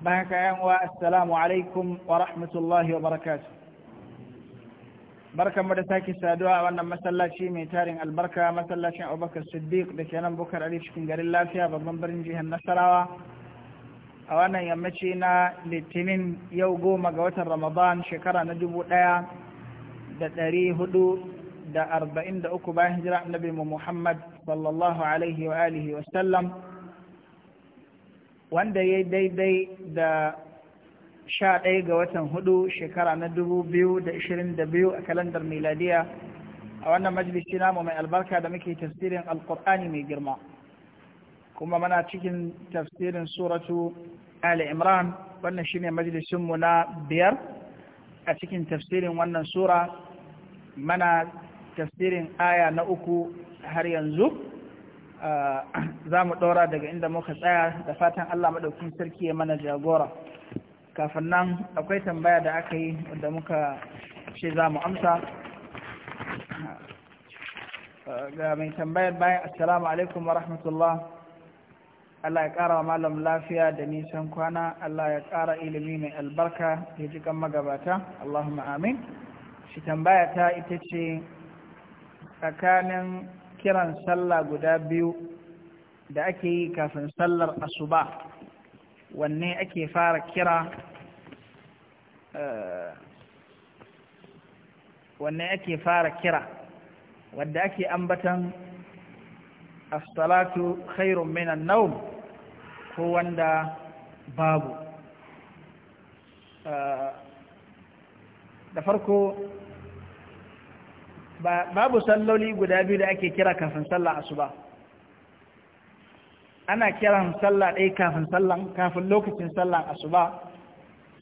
bayan kayan wa assalamu alaikum wa rahmatullahi wa barakatu barkan mu da sake saduwa a wannan masallaci mai tarin albarka masallacin abubakar siddiq da ke nan bukar ali cikin garin lafiya babban birnin jihar nasarawa a wannan yammaci na litinin yau goma ga watan ramadan shekara na dubu ɗaya da ɗari hudu da arba'in da uku bayan hijira annabi muhammad sallallahu alaihi wa alihi wa sallam wanda ya daidai da sha ɗaya ga watan hudu shekara na dubu biyu da ishirin da biyu a kalandar miladiya a wannan majalisi namu mai albarka da muke tafsirin alkur'ani mai girma kuma mana cikin tafsirin suratu ali imran wannan shine majalisinmu na biyar a cikin tafsirin wannan sura mana tafsirin aya na uku har yanzu za mu ɗora daga inda muka tsaya da fatan Allah maɗaukin sarki ya mana jagora kafin nan akwai tambaya da aka yi wadda muka ce za mu amsa ga mai tambayar bayan assalamu alaikum wa rahmatullah Allah ya ƙara wa malam lafiya da nisan kwana Allah ya ƙara ilimi mai albarka ya ji magabata Allahumma amin shi tambaya ta ita ce tsakanin kiran sallah guda biyu da ake yi kafin sallar asuba wanne ake fara kira eh, wanne ake fara kira wadda ake ambatan asalatu khairun minan ko wanda babu eh, da farko babu salloli guda biyu da ake kira kafin sallah asuba ana kiran sallah ɗaya kafin sallan kafin lokacin sallan asuba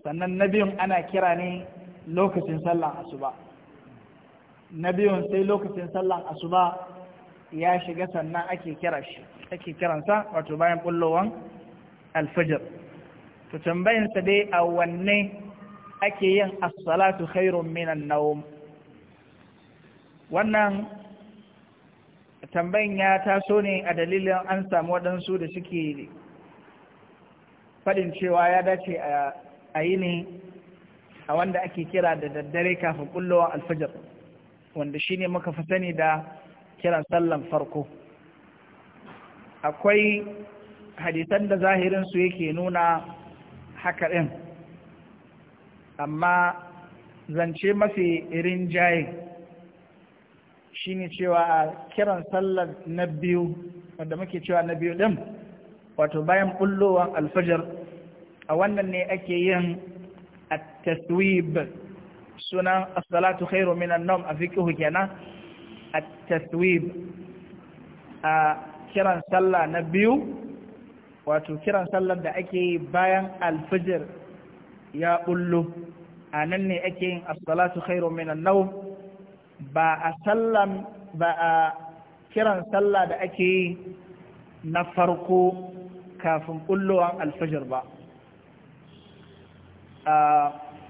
sannan na biyun ana kira ne lokacin sallan asuba na biyun sai lokacin sallan asuba ya shiga sannan ake kira shi ake kiransa wato bayan ɓullowan alfajir to tambayinsa dai a wanne ake yin as khairun minan na'um wannan tambayin ya taso ne a dalilin an samu waɗansu da suke faɗin cewa ya dace a yi ne a wanda ake kira da daddare kafin ƙullowa alfajar wanda shi ne muka fi sani da kiran sallan farko akwai hadisan da zahirinsu yake nuna haka ɗin amma zance mafi jayin. shine cewa a kiran sallar na biyu wanda muke cewa na biyu ɗin wato bayan bullowar alfajar a wannan ne ake yin a taswib sunan Asalatu salatu khairu minan nawm a fiqhu kenan at-taswib a kiran sallah na biyu wato kiran sallar da ake yi bayan alfajar ya bullo a nan ne ake yin Asalatu salatu khairu minan nawm ba a ba a kiran sallah da ake yi na farko kafin ɓullowan alfajir ba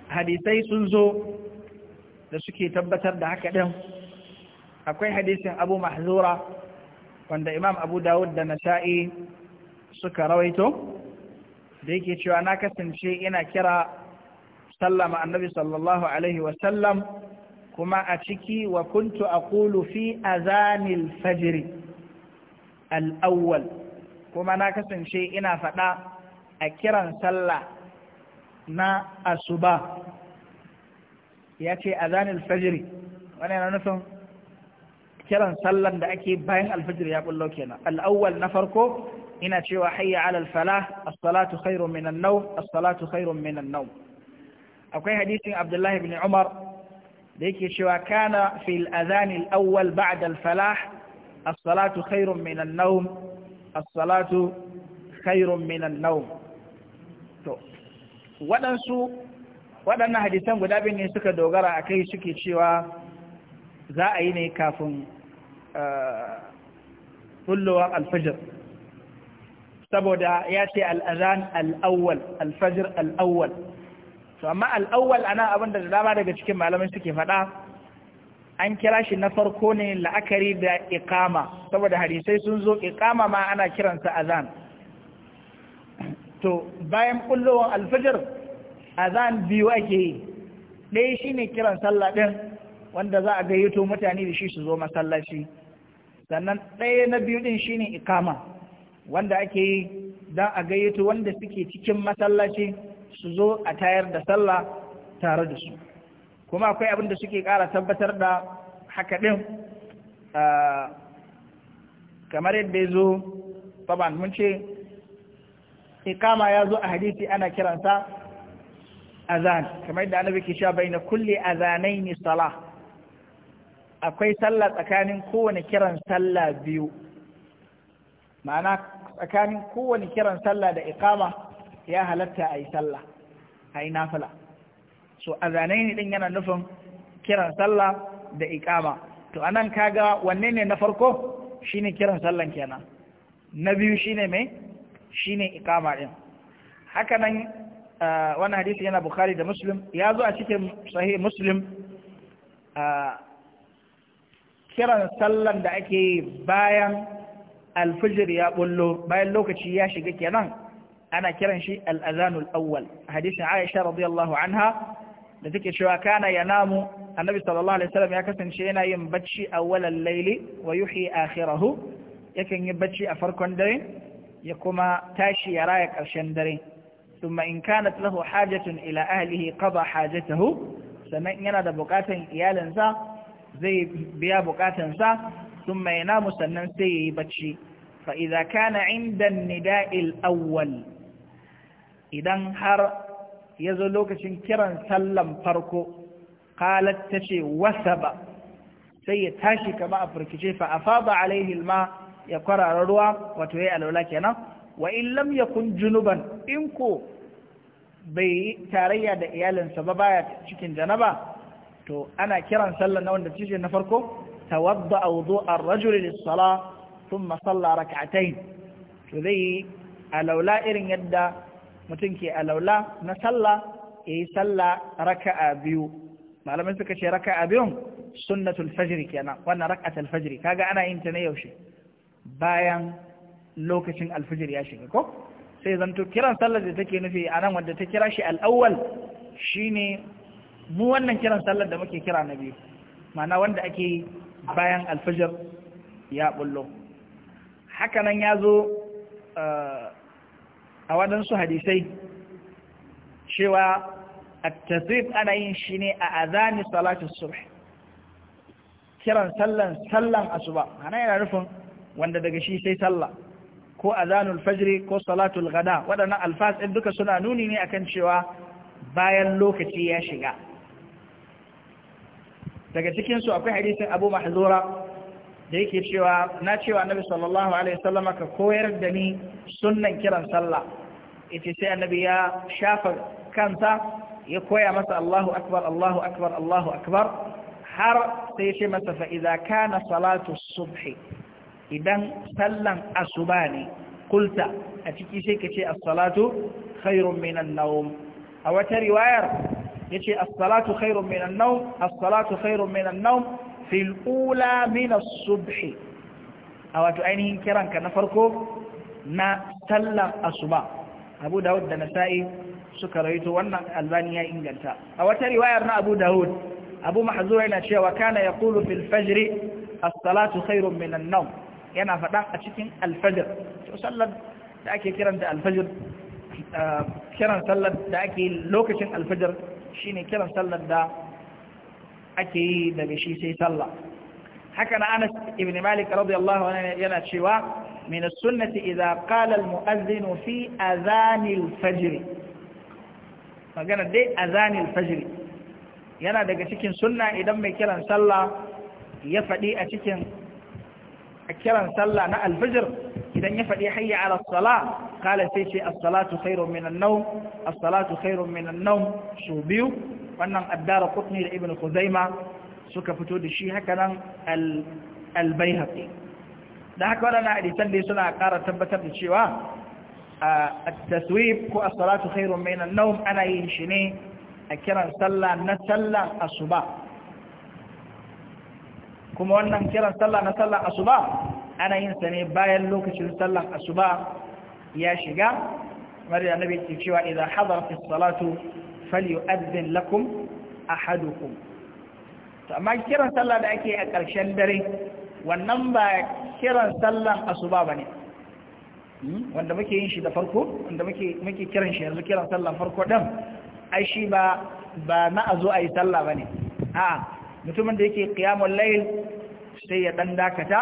hadisai sun zo da suke tabbatar da haka ɗin akwai hadisin abu mahzura wanda imam abu dawud da nasa'i suka rawaito da yake cewa na kasance ina kira sallama annabi sallallahu alaihi wasallam kuma a ciki wa kuntu aqulu fi azanil fajr al kuma na kasance ina faɗa a kiran sallah na asuba ya ce azanil fajiri. wani yana nufin kiran sallan da ake bayan alfajiri ya bullo kenan al na farko ina cewa hayya alal fala falah as-salatu khairun min an as-salatu khairun min an akwai hadisin Abdullahi ibn Umar da yake cewa kana fil azanil al-awwal ba'da al-falah as-salatu khairun min an-nawm as-salatu khairun min an-nawm to wadansu wadannan hadisan guda biyu ne suka dogara akai suke cewa za a yi ne kafin kullowar eh, alfajir saboda ya ce al-azan al-awwal al-fajr al-awwal to amma al'awwal ana abin da dama daga cikin malamai suke faɗa an kira shi na farko ne la'akari da ikama saboda harisai sun zo ikama ma ana kiransa azan to bayan kullowar alfajir azan biyu ake yi ɗaya shi ne kiran sallah ɗin wanda za a gayyato mutane da shi su zo masallaci sannan ɗaya na biyu ɗin shi ne ikama wanda ake yi don a gayyato wanda suke cikin masallaci su zo a tayar da sallah tare da su kuma akwai abin da suke ƙara tabbatar da haka ɗin kamar yadda ya zo baban mun ce ikama ya zo a hadisi ana kiransa azan kamar yadda annabi ke sha bai na kulle azanai ne sala akwai sallah tsakanin kowane kiran sallah biyu ma'ana tsakanin kowane kiran sallah da ikama ya halatta a yi sallah a yi nafila so a zanen yi din yana nufin kiran sallah da iqama to anan kaga wanne ne na farko shine kiran sallan kenan na biyu shine me shine iqama din haka nan ah, wani hadisi yana bukhari da muslim ya zo a cikin sahih muslim ah, kiran sallan da ake bayan alfijir ya bullo bayan lokaci ya shiga kenan أنا كرنشي الأذان الأول حديث عائشة رضي الله عنها لذلك شو كان ينام النبي صلى الله عليه وسلم يكسن شينا ينبتشي أول الليل ويحيي آخره يكن ينبتشي أفركن درين يكما تاشي يرايك أرشن درين ثم إن كانت له حاجة إلى أهله قضى حاجته سمعنا ينادى بقاتا إيالا زي بيا بقاتا سا ثم ينام سننسي سيبتشي فإذا كان عند النداء الأول idan har ya zo lokacin kiran sallan farko qalat ta ce ba. sai ya tashi kama a firkice fa afada alaihi alma ya kwarara ruwa wato yayi alaula kenan wa in lam kun junuban in ko bai yi tarayya da iyalinsa ba baya cikin janaba to ana kiran sallan na wanda cije na farko tawadda a ar a lis Sala. Sun salla rak'atayn to zai alaula irin yadda mutum ke alaula na sallah ya yi sallah raka'a biyu malamai suka ce raka'a biyun sunnatul fajr kenan wannan raka'atul fajr kaga ana yin ta ne yaushe bayan lokacin alfajir ya shiga ko sai zanto kiran sallar da take nufi a nan wanda ta kira shi al'awwal shine mu wannan kiran sallar da muke kira na biyu ma'ana wanda ake yi bayan alfijir ya bullo hakanan ya zo eh, a waɗansu hadisai cewa a tasrif ana yin shi ne a azani salatul subh kiran sallan sallan asuba ana yana nufin wanda daga shi sai sallah ko azanul fajri ko salatul ghada waɗannan alfas ɗin duka suna nuni ne akan cewa bayan lokaci ya shiga daga cikinsu akwai hadisin abu mahzura da yake cewa na cewa nabi sallallahu alaihi wasallam ka koyar da ni sunnan kiran sallah yace sai annabi ya shafa kansa ya koya masa Allahu akbar Allahu akbar Allahu akbar har sai ce masa fa idza kana salatu subh idan sallan asubani kulta a ciki sai kace as-salatu khairun minan nawm a wata riwayar yace as-salatu khairun minan nawm as-salatu khairun minan nawm fil ula min as-subh a wato ainihin kiranka na farko na sallan asuba abu dawud da nasa'i suka raito wannan albani ya inganta a wata riwayar na abu dawud abu mahzura yana cewa kana yaqulu fil fajri as-salatu khairun min an-nawm yana faɗa a cikin al-fajr to sallar da ake kiranta al-fajr kiran sallar da ake lokacin al-fajr shine kiran sallar da ake yi daga shi sai sallah haka na Anas ibn Malik radiyallahu anhu yana cewa من السنة إذا قال المؤذن في أذان الفجر yana daga cikin sunna idan mai kiran sallah na alfajr idan ya faɗi hayya ala sala kala sai ce as-salatu khairun minan nawm as wannan addara qutni da ibnu suka fito da shi haka nan da haka waɗannan hadisan dai suna kara tabbatar da cewa a taswif ko a salatu khairun mai nan naum ana yin shi ne a kiran sallah na sallah asuba kuma wannan kiran sallah na sallah asuba ana yin sa ne bayan lokacin sallah asuba ya shiga kamar da ke cewa idan hadara fi salatu falyu'adhdhin lakum ahadukum to amma kiran sallah da ake a ƙarshen dare wannan ba kiran sallan asuba ba ne hmm? wanda muke yin shi da farko wanda muke kiran shi yanzu kiran sallan farko ɗan ai shi ba ba na a zo a yi sallah ba ne a mutumin da yake kiyamun lail sai ya ɗan dakata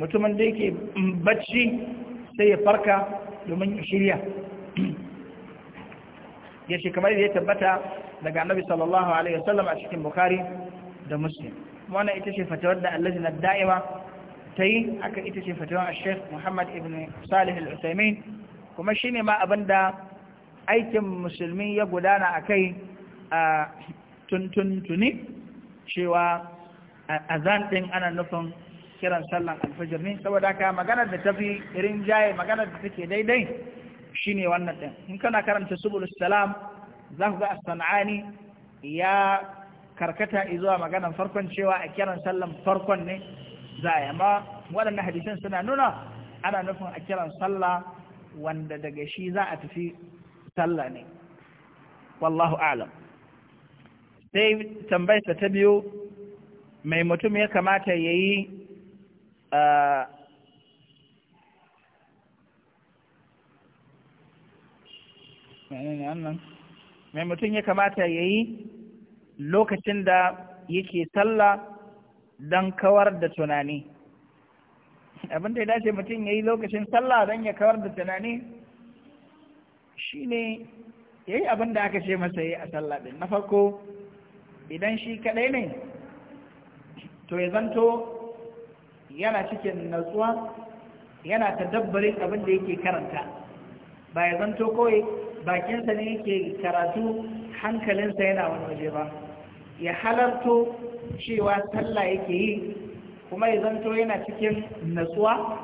mutumin da yake bacci sai ya farka domin ya shirya ya shi kamar da ya tabbata daga annabi sallallahu alaihi wasallam a cikin bukari da muslim wannan ita ce fatawar da na da'ima ta yi haka ita ce fatawar sheikh muhammad ibn salih al-usaimin kuma shine ma abin da aikin musulmi ya gudana a kai a tuntuntuni cewa azan ɗin ana nufin kiran sallan alfajir ne saboda haka maganar da tafi rinjaye maganar da take daidai shine wannan ɗin in kana karanta subul salam za ku ga as-san'ani ya karkata zuwa maganan farkon cewa a kiran sallan farkon ne za a yamma waɗannan hadisan suna nuna ana nufin a kiran sallah wanda daga shi za a tafi sallah ne wallahu alam sai tambayarsa ta biyu mai mutum ya kamata ya yi mai mutum ya kamata ya yi lokacin da yake sallah don kawar da tunani abin da ya dace mutum ya yi lokacin sallah don ya kawar da tunani shi ne ya yi abin da aka ce masa yi a sallah ɗin na farko idan shi kaɗai ne to ya zanto yana cikin natsuwa yana ta dabbarin abin da yake karanta ba ya zanto kawai bakinsa ne yake karatu hankalinsa yana wani waje ba ya halarto cewa sallah yake yi kuma ya zanto yana cikin natsuwa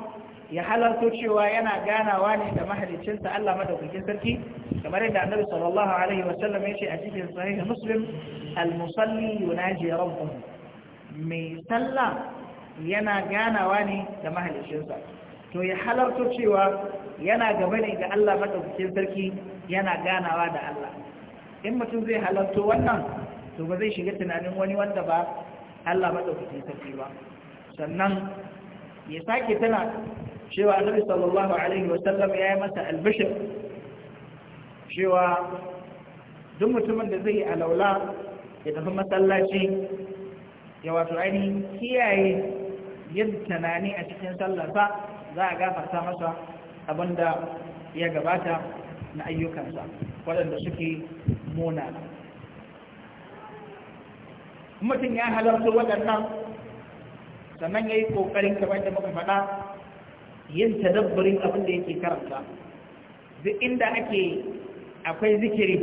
ya halarto cewa yana ganawa ne da mahalicinsa Allah madaukakin sarki kamar yadda annabi sallallahu alaihi wa sallam yace a cikin sahih muslim al-musalli yunaji rabbahu mai sallah yana ganawa ne da mahalicinsa to ya halarto cewa yana gaba ne ga Allah madaukakin sarki yana ganawa da Allah in mutum zai halarto wannan to ba zai shiga tunanin wani wanda ba Allah madaukakin sarki ba sannan ya sake tana cewa annabi sallallahu alaihi wa sallam ya yi masa albishir cewa duk mutumin da zai yi alaula ya tafi masallaci ya wato ainihin kiyaye yin tunani a cikin sallarsa za a gafarta masa abinda ya gabata na ayyukansa waɗanda suke munana mutum ya halarta waɗannan sannan ya yi ƙoƙarin kamar da muka faɗa yin tadabbarin abin da yake karanta duk inda ake akwai zikiri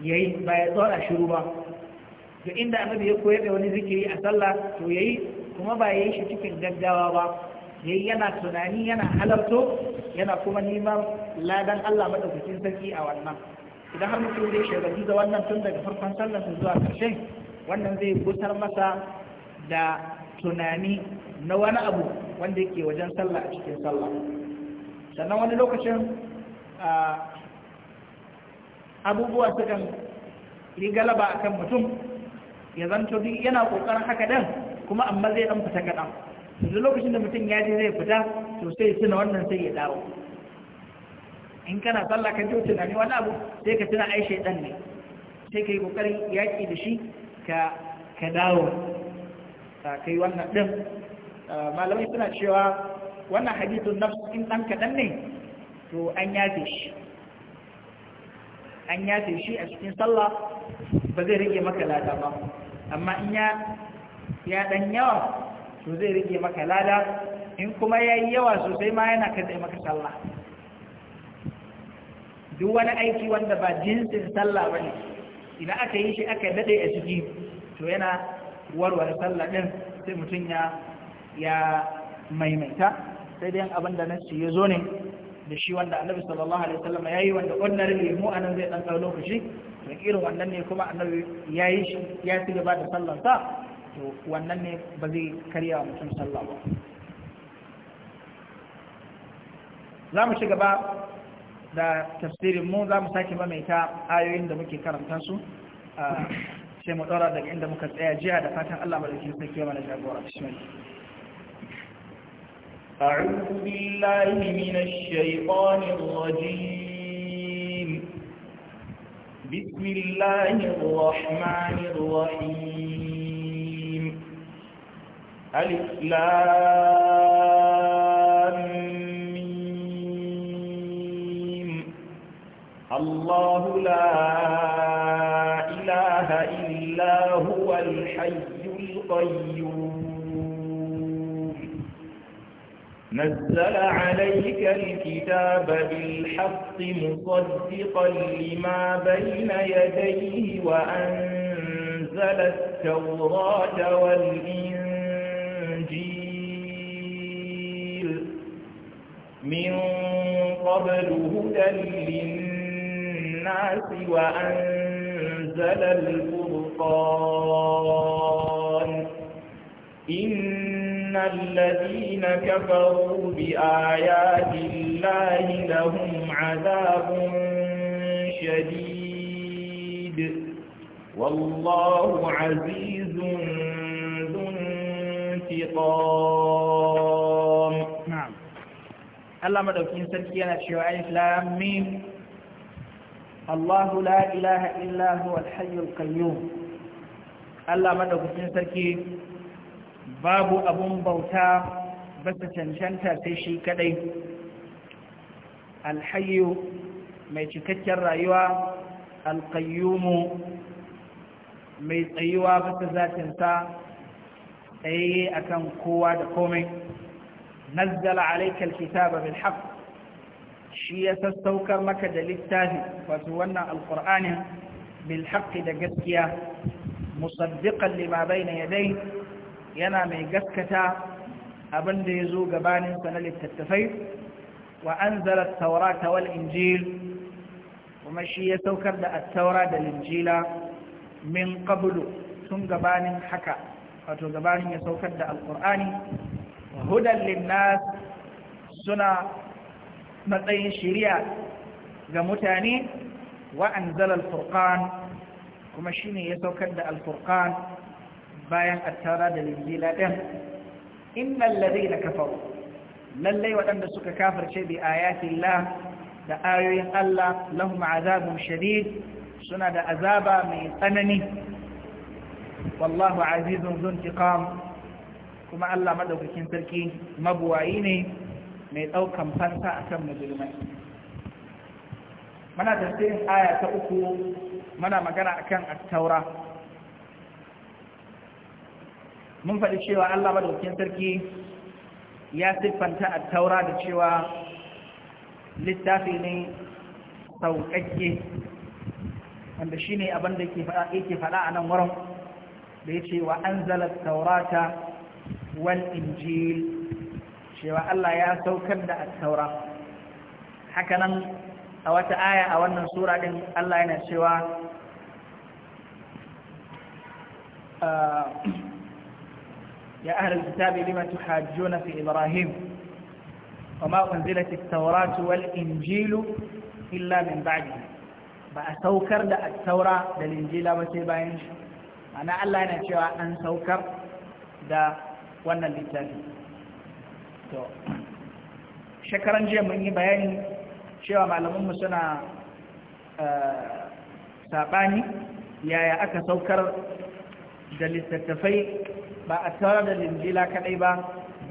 ya yi ba ya tsora shiru ba duk inda annabi ya koyar da wani zikiri a sallah to ya yi kuma ba ya yi shi cikin gaggawa ba ya yi yana tunani yana halarto yana kuma neman ladan Allah maɗaukacin sarki a wannan idan har mutum zai shagalci da wannan tun daga farkon sallar zuwa ƙarshen wannan zai gusar masa da tunani na wani abu wanda yake wajen sallah a cikin sallah sannan wani lokacin abubuwa sukan yi galaba akan mutum ya zanto duk yana kokarin haka dan kuma amma zai dan fita kaɗan yanzu lokacin da mutum ya je zai fita to sai tuna wannan sai ya dawo in kana sallah ka ji tunani wani abu sai ka tuna ai shaidan ne sai ka yi kokarin yaƙi da shi ka dawo ah, ka yi wannan ɗin ah, malamai suna cewa wannan hadithun nafs in ɗan kaɗan ne to an yafe shi an yafe shi a cikin sallah ba zai rage maka lada ba amma in ya ɗan yawa to zai rage maka lada in kuma ya yi yawa sosai ma yana kan maka sallah duk wani aiki wanda ba jinsin sallah ba ne idan aka yi shi aka daɗe a ciki to yana warware sallah ɗin sai mutum ya ya maimaita sai dai abin da na ya zo ne da shi wanda annabi sallallahu alaihi wasallam ya yi wanda ordinary lemu a nan zai ɗan tsawon lokaci to irin wannan ne kuma annabi ya yi shi ya ci gaba da sallar sa to wannan ne ba zai karya mutum sallah ba za mu ci gaba da tafsirin mu za mu sake mamaita ayoyin da muke karanta su ah, sai mu ɗora daga inda muka tsaya jiya da fatan Allah madaukin sarki mana jagora bismillah أعوذ بالله من الشيطان الرجيم بسم الله الرحمن الرحيم الإسلام الله لا إله إلا هو الحي القيوم نزل عليك الكتاب بالحق مصدقا لما بين يديه وأنزل التوراة والإنجيل من قبل هدى للناس الناس وأنزل الفرقان إن الذين كفروا بآيات الله لهم عذاب شديد والله عزيز ذو انتقام نعم الله مدوكين سكينة شوائف لامين الله لا إله إلا هو الحي القيوم الله مدى كتن سركي باب أبو بوتا بس تنشنتا سيشي كدي الحي ما يتكتر رأيوا القيوم ما يتأيوا بس ذات انتا أي أكن قوة قومي نزل عليك الكتاب بالحق shi ya sassaukar maka da littafi wato wannan Alƙur'ani bil da gaskiya musaddiqan lima bayna yadayhi yana mai gaskata abin da ya zo gabanin sa na littattafai wa anzala at-taurata wal injil kuma shi ya saukar da at-taura da injila min qablu tun gabanin haka wato gabanin ya saukar da alkur'ani hudan linnas suna matsayin shari'a ga mutane wa al-furqan kuma shine ya saukar da al-furqan bayan attara da linjila din innal ladina kafaru lallai waɗanda suka kafirce bi ayatillah da ayoyin Allah lahum azabun shadid suna da azaba mai tsanani wallahu azizun zuntiqam kuma Allah madaukakin sarki mabuwayi ne mai ɗaukan fansa a kan musulmai mana tafiyin aya ta uku mana magana a kan attaura mun faɗi cewa allah madaukin sarki ya siffanta attaura da cewa littafi ne sauƙaƙe wanda shi ne abinda yake faɗa a nan wurin da ya ce wa an zala taurata wal injil cewa Allah ya saukar da taura hakanan a wata aya a wannan sura din Allah yana cewa ah, ya ahlul fi ibrahim wama unzilat at-taurata wal injilu illa min ba'di ba a saukar da taura da injila ba sai bayan shi ana Allah yana cewa an saukar da wannan littafi shekaran jiya mun yi bayani cewa malamanmu suna eh, saɓani yaya aka saukar da littattafai ba a tara da linjila kaɗai ba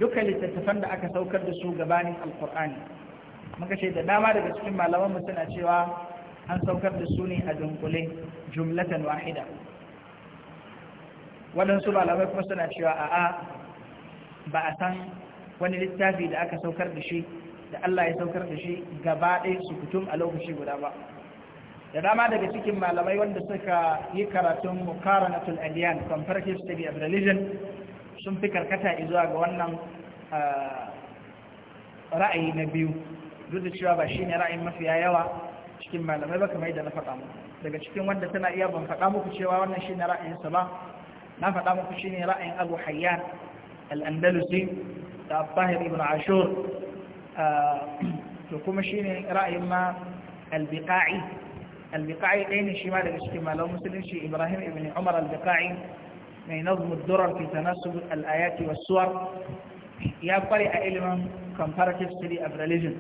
duka littattafan da aka saukar da su gabanin alkur'ani muka ce da dama daga cikin malamanmu suna cewa an saukar da su ne a dunkule jumlatan wahida waɗansu malamai kuma suna cewa a'a ba a san wani littafi da aka saukar da shi da Allah ya saukar da shi gaba ɗaya su kutum a lokaci guda ba da dama daga cikin malamai wanda suka yi karatun mukaranatul adiyan comparative study of religion sun fi karkata izuwa ga wannan ra'ayi na biyu duk da cewa ba shi ne ra'ayin mafiya yawa cikin malamai ba kamar yadda na faɗa muku daga cikin wanda tana iya ban faɗa muku cewa wannan shi ne ra'ayinsa ba na faɗa muku shi ne ra'ayin abu hayyan al'andalusi da abahir ibn ashur to kuma shi ne ra'ayin ma albiƙa'i ɗaya ne shi ma daga cikin malamun musulunci ibrahim ibn umar albiƙa'i mai nazumin durar fi al'ayati wasuwar ya kware a ilimin comparative study of religion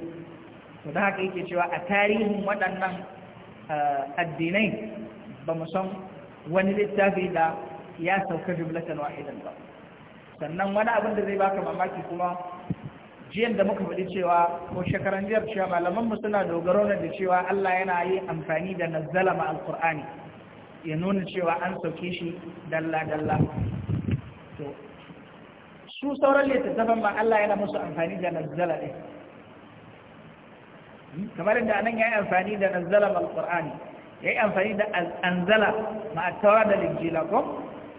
to da haka yake cewa a tarihin waɗannan eh, addinai ba mu san wani littafi da ya sauka jumlatan wahidan ba sannan wani abin da zai baka mamaki kuma jiyan da muka faɗi cewa ko shekaran jiyar cewa malaman mu suna dogaro da cewa Allah yana yi amfani da nazzala ma alqur'ani ya nuna cewa an sauke shi dalla dalla to su sauran littattafan ma Allah yana musu amfani da nazzala ne? Hmm, kamar yadda anan ya yi amfani da nazzala ma alqur'ani ya yi amfani da anzala ma tawada da lijila ko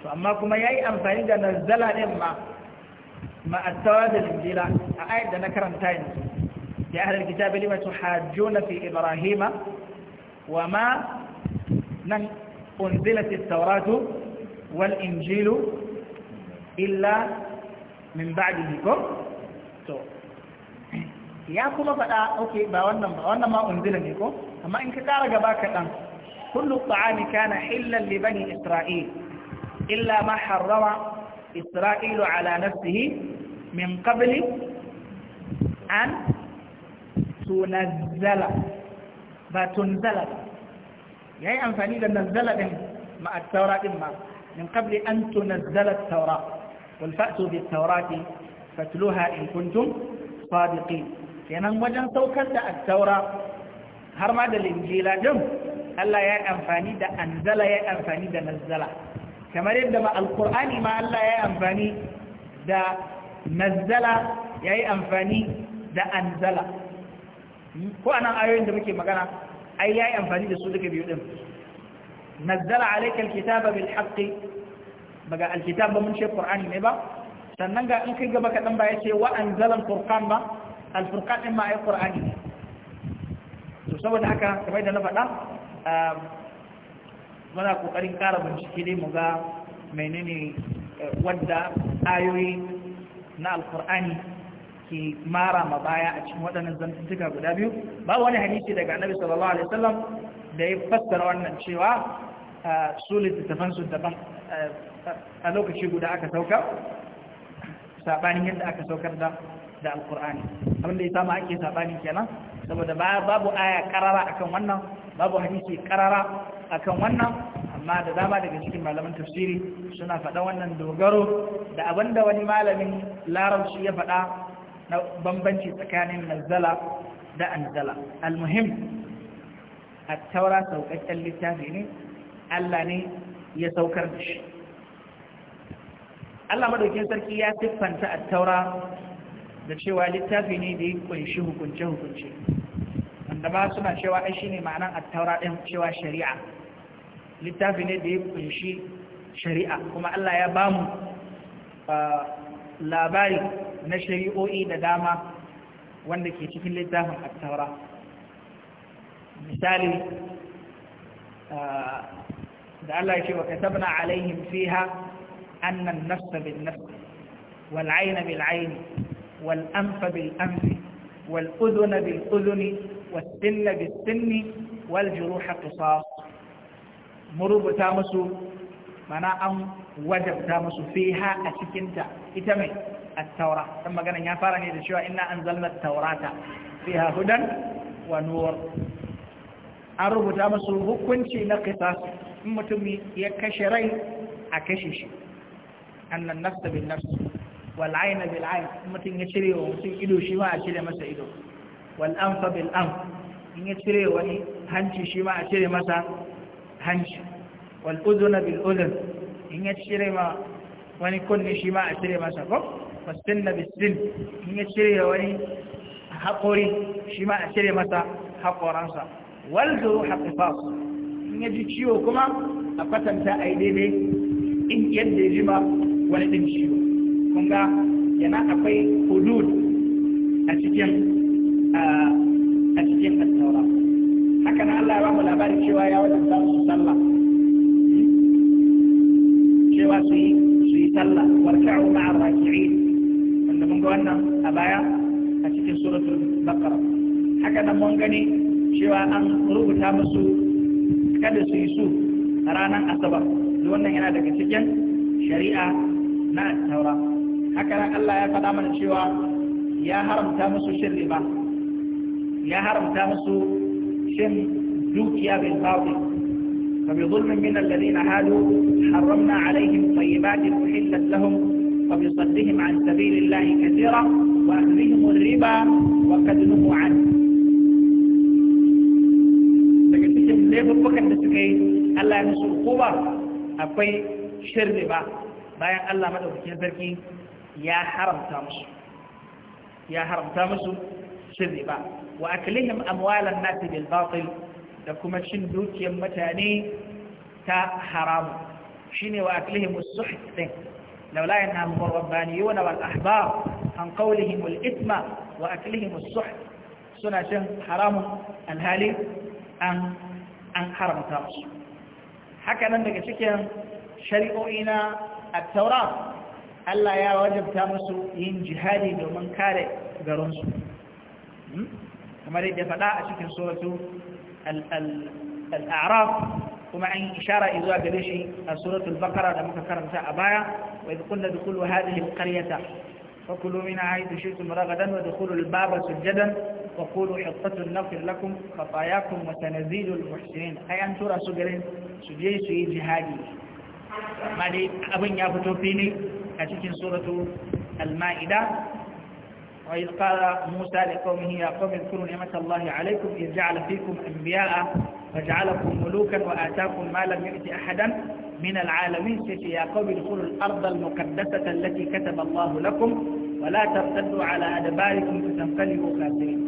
to amma kuma yayi amfani da nazala din ma ma attawa da injila a ayat da na karanta yanzu ya ahlul kitab lima tuhajjuna fi ibrahima wa ma nan unzilat at tawratu wal injilu illa min ba'dihi ko to ya kuma fada okay ba wannan ba wannan ma unzila ne ko amma in ka ƙara gaba ka dan kullu ta'ami kana hillan li bani isra'il إلا ما حرم إسرائيل على نفسه من قبل أن تنزل فتنزل يعني أنفاني لنزل مع التوراة إما من قبل أن تنزل التوراة قل فأتوا بالتوراة فاتلوها إن كنتم صادقين kenan يعني وجن saukar التوراة هرمد الإنجيل جم da يا din أنزل يا amfani da kamar yadda ma alkur'ani ma Allah ya yi amfani da nazzala ya yi amfani da anzala ko anan ayoyin da muke magana ai ya yi amfani da su duka biyu ɗin nazzala alaika alkitaba bil haqqi baga alkitab ba mun ce qur'ani ne ba sannan ga in kai gaba kaɗan ba ya ce wa anzalan alfurqan ba alfurqan din ma ya qur'ani ne to saboda haka kamar da na faɗa muna kokarin kara bincike ne mu ga menene eh, wanda ayoyi na alkur'ani ke mara ma baya a cikin waɗannan zantuntuka guda biyu ba wani hadisi daga annabi sallallahu alaihi wasallam da ya fassara wannan cewa eh, su littattafan su daban eh, a lokaci guda aka sauka sabanin yadda aka saukar da da alkur'ani abinda ya sama ake sabani kenan saboda babu aya karara akan wannan babu hadisi karara akan wannan amma da dama daga cikin malaman tafsiri suna faɗa wannan dogaro da abinda wani malamin larabci ya faɗa na bambanci tsakanin nazala da anzala almuhim a taura saukakken littafi ne Allah ne ya saukar da shi Allah madaukin sarki ya siffanta a taura da cewa littafi ne da ya ƙunshi hukunce-hukunce da suna cewa ai shine ma'anar at-taura din cewa shari'a littafi ne da ya kunshi shari'a kuma Allah ya bamu ah, labari na shari'o'i da dama wanda ke cikin littafin at-taura misali ah, da Allah ya ce wa katabna alaihim fiha annan an-nafsa nafs wal-'ayna bil-'ayn wal-anfa bil-anf wal-udhuna bil-udhuni والسن بالسن والجروح قصاص rubuta مسو mana an wajabta musu fiha a cikinta ita mai at-taura dan magana ya fara ne da cewa inna anzalna at-taurata fiha hudan wa nur an rubuta masu hukunci na qisas in mutum ya kashe rai a kashe shi annan mutum ya cire wa mutum ido shi ma a cire masa ido wal'amfa bil'amfa in ya cire wani hanci shi ma a cire masa hanci wal'uzuna bil'uzun in ya cire ma wani kunni shi ma a cire masa ko wasin na bisin in ya cire wani haƙori shi ma a cire masa haƙoransa walzuru haƙifas in ya ji ciwo kuma a kwatanta a yi daidai in yadda ya ji ma wani ɗin ciwo kunga yana akwai hudud a cikin a cikin tattaura haka na Allah ya ba mu labarin cewa ya wajen za su sallah cewa su yi su yi sallah warka'u a raki'i wanda mun ga wannan a baya a cikin suratul baqara haka nan mun gani cewa an rubuta musu kada su yi su ranar asabar duk wannan yana daga cikin shari'a na taura haka nan Allah ya faɗa mana cewa ya haramta musu shirri ba يا هرم تامسوا شم دوكيا بالباطل فبظلم من الذين هادوا حرمنا عليهم طيبات أحلت لهم فبصدهم عن سبيل الله كثيرا وأخذهم الربا وقد نهوا عنه lebu bukan da suka yi Allah ya musu kuma akwai shirbe ba ما Allah madaukakin sarki ya haramta musu ya haramta musu shirbe ba wa aklihim amwalan nasi bil batil da kuma cin dukiyar mutane ta haramu shine wa aklihim as-suht din laula yanhum rabbaniyuna wal ahbar an qawlihim al ithma wa aklihim as-suht suna cin haramun alhali an an haramta musu haka nan daga cikin shari'o'i na at-taura Allah ya wajabta musu yin jihadi domin kare garinsu hmm? kamar yadda faɗa a cikin suratu al'araf kuma an ishara zuwa gare shi a suratul bakara da muka karanta a baya wa idh kunna dukulu hadhihi alqaryata fakulu min haythu shi'tum ragadan wa dukhulu al-baba sujadan wa qulu hitatun nafir lakum khatayakum wa tanzilu al-muhsinin ai an tura su gare su je su yi jihadi amma dai abin ya fito fili a cikin suratu al-ma'ida وإذ قال موسى لقومه يا قوم اذكروا نعمة الله عليكم إذ جعل فيكم أنبياء وجعلكم ملوكا وآتاكم ما لم يؤت أحدا من العالمين سيتي يا قوم ادخلوا الأرض المقدسة التي كتب الله لكم ولا ترتدوا على أدباركم فتنقلبوا خاسرين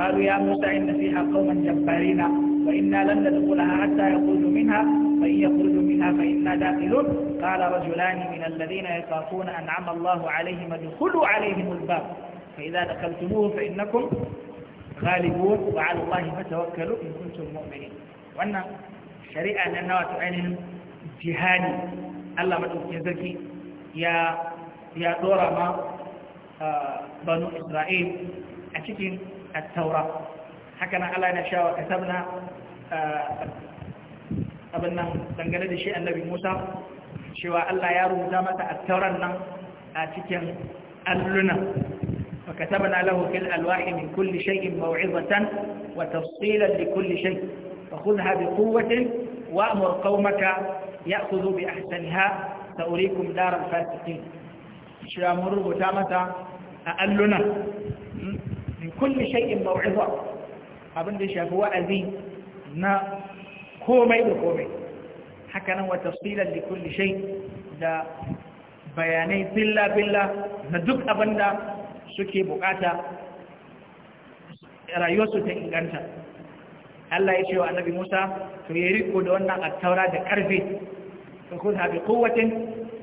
قالوا يا موسى إن فيها قوما جبارين وإنا لن ندخلها حتى يخرجوا منها فإن يخرجوا منها فإنا داخلون قال رجلان من الذين يخافون أنعم الله عليهم ادخلوا عليهم الباب فإذا دخلتموه فإنكم غالبون وعلى الله فتوكلوا إن كنتم مؤمنين وأن شريعة لأنها تعين جهادي الله مدعوك زكي يا يا دورة ما بنو إسرائيل أشكين التوراة هكذا الله نشاء وكتبنا abin nan dangane da shi annabi Musa cewa Allah ya rubuta mata a tauran nan a cikin alluna فكتبنا له في الألواح من كل شيء موعظة وتفصيلا لكل شيء فخذها بقوة وأمر قومك يأخذوا بأحسنها سأريكم دار الفاسقين شامر وتامة أقلنا من كل شيء موعظة abin da shafi wa'azi na komai حكنا وتفصيلا لكل شيء tafsilan بياني بلا بلا ندق أبندا suke bukata rayuwarsu ta inganta Allah ya ce wa annabi Musa to yi riko da wannan attaura da karfe ka kuza bi kowatin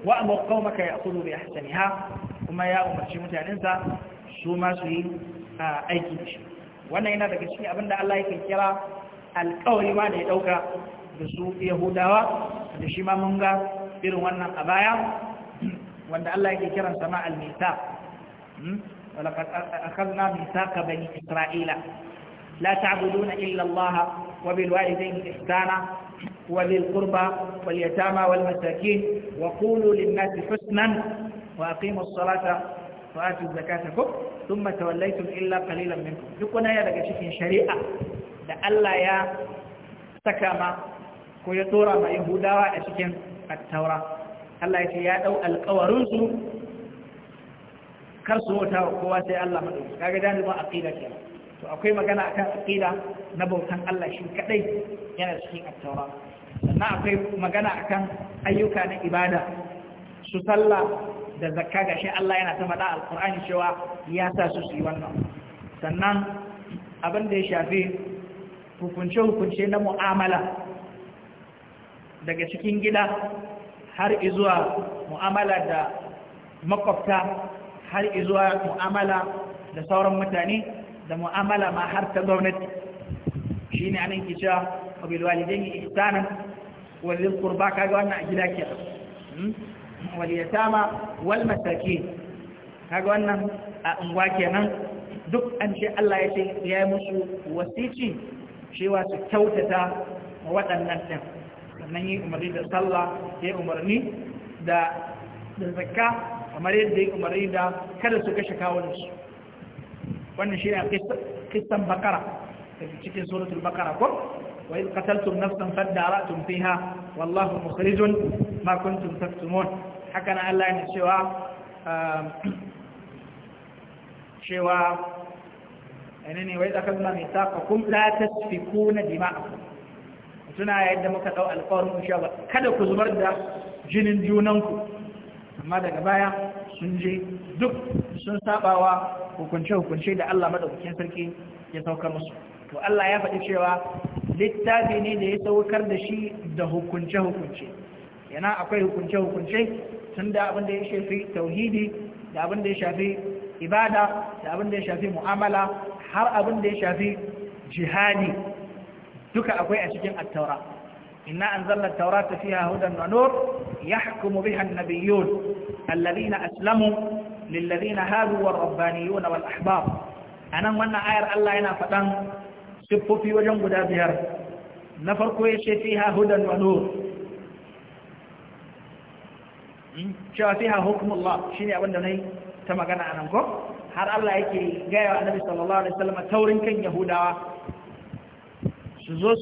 wa amma qaumaka ya'khudhu bi ahsaniha kuma ya umarci mutanensa su ma su yi aiki da shi wannan yana daga cikin abin da Allah yake kira alƙawari ma da ya dauka da su Yahudawa da shi ma mun ga irin wannan a baya wanda Allah yake kiransa ma al-mithaq hmm? ولقد أخذنا ميثاق بني إسرائيل لا تعبدون إلا الله وبالوالدين إحسانا وذي القربى واليتامى والمساكين وقولوا للناس حسنا وأقيموا الصلاة وآتوا الزكاة ثم توليتم إلا قليلا منكم دكونا يا لك شيء شريعة لألا يا سكما كيطورا ما يهوداوا أشكين التوراة الله يتيادوا القوارنسوا kar su wata wa kowa sai Allah madauki kaga janibin aqida kenan to akwai magana akan aqida na bautan Allah shi kadai yana cikin at sannan akwai magana akan ayyuka na ibada su sallah da zakka shi Allah yana ta faɗa alqur'ani cewa ya sa su su yi wannan sannan abin da ya shafi hukunce-hukunce na mu'amala daga cikin gida har izuwa mu'amala da makwabta har izuwa mu'amala da sauran mutane da mu'amala ma har ta gwamnati shi ne anan ke cewa wabilwalidaini ihsanan wajen kurba kaga wannan a gida ke hmm? wal yatama wal kaga wannan a unguwa kenan duk an ce Allah ya ce ya yi musu wasici cewa su kyautata waɗannan ɗin sannan yi umarni da sallah ya umarni da zakka kamar yadda ya umarni da kada su kashe kawunansu wannan shi ne kistan bakara da cikin suratul bakara ko wa iz qataltum nafsan fadara'tum fiha wallahu mukhrijun ma kuntum taktumun haka na Allah ne cewa cewa ne wai tsakar na mai saka kun la tasfiku na jima'a tuna yadda muka dau alƙawarin insha Allah kada ku zubar da jinin junanku amma daga baya sun je duk sun sabawa hukunce-hukunce da Allah madaukakin sarki ya saukar musu to Allah ya faɗi cewa littafi ne da ya saukar da shi da hukunce-hukunce yana akwai hukunce-hukunce tun da abin da ya shafi tauhidi da abin da ya shafi ibada da abin da ya shafi mu'amala har abin da ya shafi jihadi duka akwai a cikin attaura إنا أنزلنا التوراة فيها هدى ونور يحكم بها النبيون الذين أسلموا للذين هادوا والربانيون والأحباب أنا من آير الله أنا فتن سبوا في وجن قدا نفر كويش فيها هدى ونور شو فيها حكم الله شيني أولا نهي كما كان أنا نقول har Allah yake gaya wa annabi sallallahu alaihi wasallam taurin kan yahudawa su zo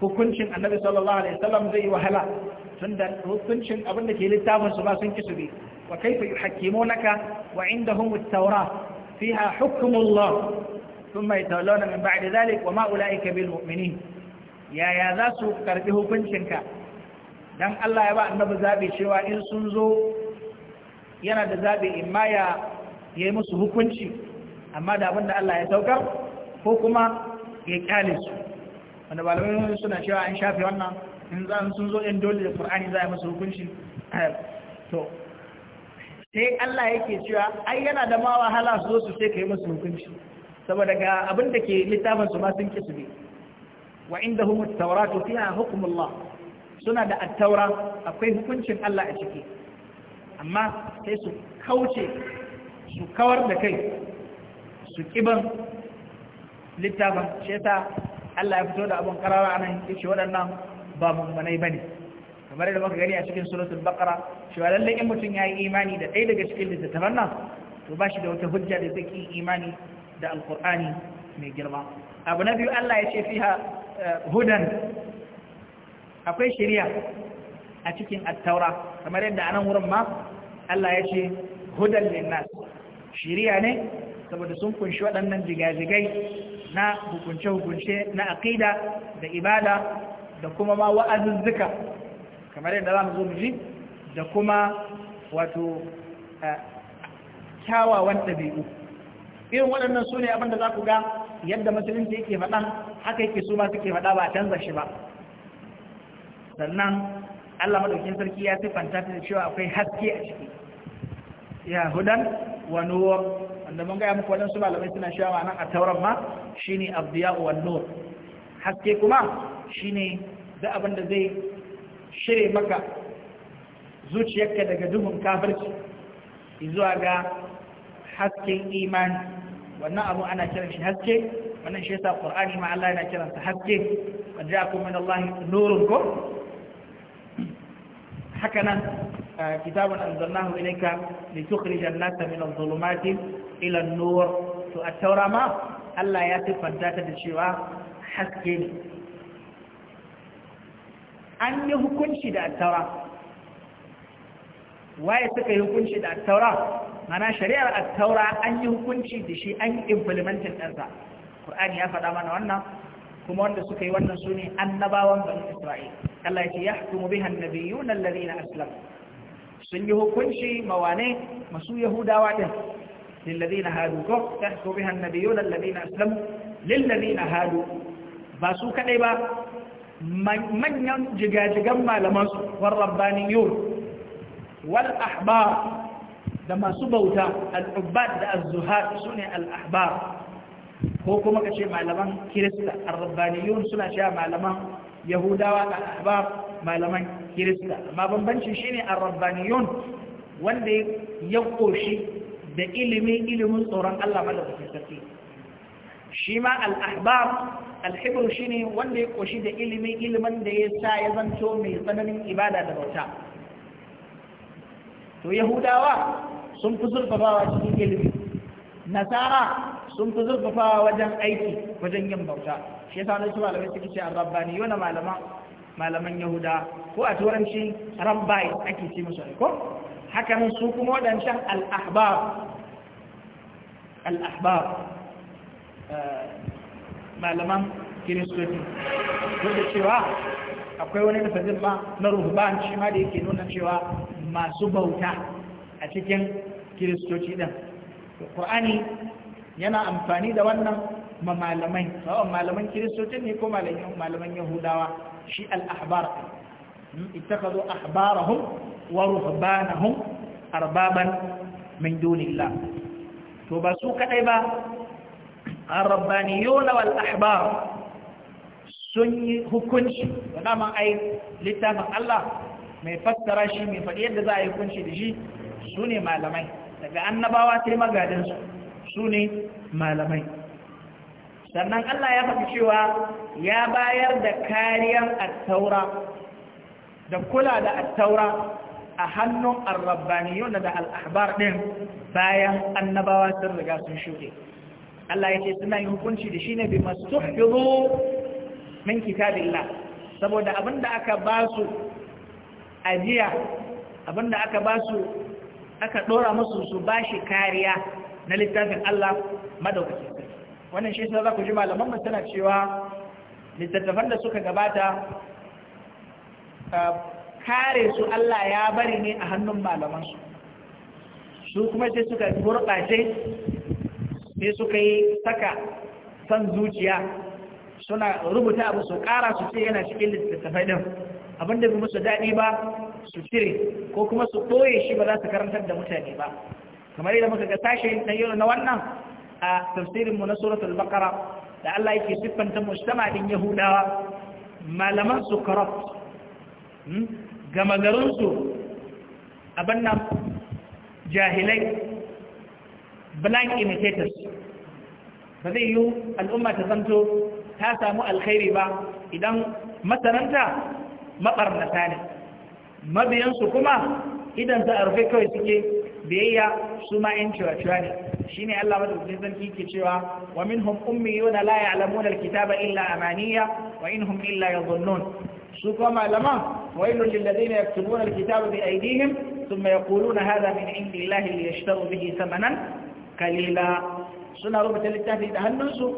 hukuncin annabi sallallahu alaihi wasallam zai yi wahala tunda hukuncin abinda da ke littafin su ba sun ki su bi wa kaifa yuhakkimunaka wa indahum at-taura fiha hukmullah thumma yatawallawna min ba'di dhalik wa ma ulaika bil mu'minin ya ya za su karbi hukuncinka dan Allah ya ba annabi zabi cewa in sun zo yana da zabi in ma ya yi musu hukunci amma da abin da Allah ya saukar ko kuma ya kyale su wanda malamai suna cewa an shafe wannan in za sun zo yan dole da qur'ani za a masa hukunci eh, to sai Allah yake cewa ai yana da ma wahala su zo su sai kai masa hukunci saboda ga abin da ke littafin su ma sun ki su wa indahum at fiha hukmullah suna da at akwai hukuncin Allah a ciki amma sai su kauce su kawar da kai su kiban littafin shi Allah ya fito da abun karara anan yace waɗannan ba mummunai bane kamar da muka gani a cikin suratul baqara cewa in mutum ya yi imani da ɗaya daga cikin littattafan nan to ba shi da wata hujja da take imani da alqur'ani mai girma abu na biyu Allah ya ce fiha eh, hudan akwai shari'a a cikin attaura kamar yadda anan wurin ma Allah ya ce hudan linnas shari'a ne saboda sun kunshi waɗannan jigajigai na hukunce-hukunce na aƙida da ibada da kuma ma wa'azuzzuka kamar yadda za mu zo mu ji da kuma wato eh, kyawawan ɗabi'u irin waɗannan su ne abinda za ku ga yadda musulunci yake faɗa, haka yake su ma suke faɗa ba a canza shi ba sannan Allah maɗaukin sarki ya siffanta ta da cewa akwai haske a ciki ya hudan wa nur wanda mun gaya muku su malamai suna sha wa nan a tauran ma shine abdiya wa nur haske kuma shine da abin da zai shirye maka zuciyarka daga duhun kafirci zuwa ga hasken imani wannan abu ana kiran shi haske wannan shi yasa qur'ani ma Allah yana kiran sa haske qad ja'akum min Allah nurun ko haka nan كتاب أنزلناه إليك لتخرج الناس من الظلمات إلى النور التوراة ما الله يأتي فداتا بالشواء حسكين أن يهكون شد التوراة ويسك يهكون شد التوراة معنى شريعة التوراة أن يهكون شد شيء أن implement الأرض القرآن يفعل أمان وأنه kuma wanda suka yi wannan su ne annabawan banu Isra'il Allah ya ce yahkumu biha an-nabiyyuna alladhina aslamu sun yi hukunci mawane masu yahudawa din lillazina hadu ko tahsu biha annabiyuna allazina aslamu lillazina hadu ba su kadai ba manyan jigajigan malaman su war rabbaniyun wal ahbar da masu bauta al'ubbad da az-zuhad sune al-ahbar ko kuma kace malaman kirista ar-rabbaniyun suna cewa malaman yahudawa al-ahbar malaman kirista amma bambancin shine ar-rabbaniyun wanda ya koshi da ilimi ilimin tsoron Allah madaukakin sarki shi ma al'ahbar ahbab shine wanda ya koshi da ilimi ilimin da ya sa ya zanto mai tsananin ibada da bauta to yahudawa sun fi zurfafawa cikin ilimi nasara sun fi zurfafawa wajen aiki wajen yin bauta shi yasa wani su malamai suke ce ar na malaman malaman yahuda ko a turanci rambai ake ce musu ko hakan su kuma waɗancan al'ahbab al'ahbab eh, malaman kiristoci ko da cewa akwai wani nufazin ma na ruhban shi ma da yake nuna cewa masu bauta a cikin kiristoci ɗin ƙwa'ani yana amfani da wannan ma malamai sa'on malaman kiristocin ne ko malaman yahudawa شيء الأحبار اتخذوا أحبارهم ورهبانهم أربابا من دون الله تبسوك أيبا الربانيون والأحبار سني هكونش ونعم أي لتامة الله ما يفكر شيء من faɗi yadda za a yi kunshi da shi su ne malamai daga annabawa sannan Allah ya faɗi cewa ya bayar da kariyar attaura da kula da attaura a hannun arrabbaniyun da al'ahbar ɗin bayan annabawa sun riga sun shuɗe Allah ya ce suna yi hukunci da shi ne bi masu min kitabillah saboda abinda aka ba su ajiya abinda aka ba su aka ɗora musu su ba shi kariya na littafin Allah madaukaki wannan shi sa za ku ji malaman mu tana cewa littattafan da suka gabata uh, kare su Allah ya bari ne a hannun malaman su kuma sai suka gurbace sai suka yi saka san zuciya suna rubuta abu su ƙara su ce yana cikin littattafai ɗin abinda bi musu daɗi ba su cire ko kuma su ɓoye shi ba za su karantar da mutane ba kamar yadda muka ga sashe na yau na wannan a tafsirinmu na suratul baqara da Allah yake siffanta mujtama din yahudawa malaman su corrupt hmm? gama garin su abin jahilai blank imitators ba zai yi al'umma ta zanto ta samu alkhairi ba idan masananta mabarnata ne mabiyansu kuma idan za a rufe kawai suke biyayya su ma yan cewa cewa ne shine Allah kuke sarki ke cewa wa minhum ummiyuna la ya'lamuna alkitaba illa amaniya wa inhum illa yadhunnun su kuma malaman wailul lil ladina yaktubuna alkitaba bi aydihim thumma yaquluna hadha min indillahi liyashtaru bihi thamanan kalila suna rubuta littafi da hannunsu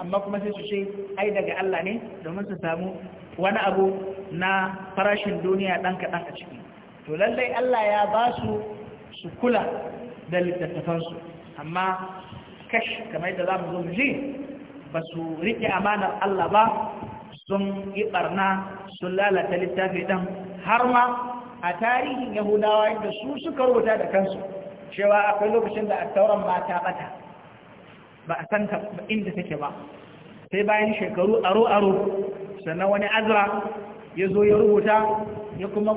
amma kuma sai su ce ai daga Allah ne domin su samu wani abu na farashin duniya ɗan kaɗan a ciki to lallai Allah ya ba su su kula da littattafansu amma kash kamar yadda za mu zo mu ji ba su riƙe amanar Allah ba sun yi ɓarna sun lalata littafi ɗan har ma a tarihin yahudawa yadda su suka rubuta da kansu cewa akwai lokacin da a tauran mata ɓata ba a san inda take ba sai bayan shekaru aro-aro sannan wani azra ya zo ya rubuta ya kuma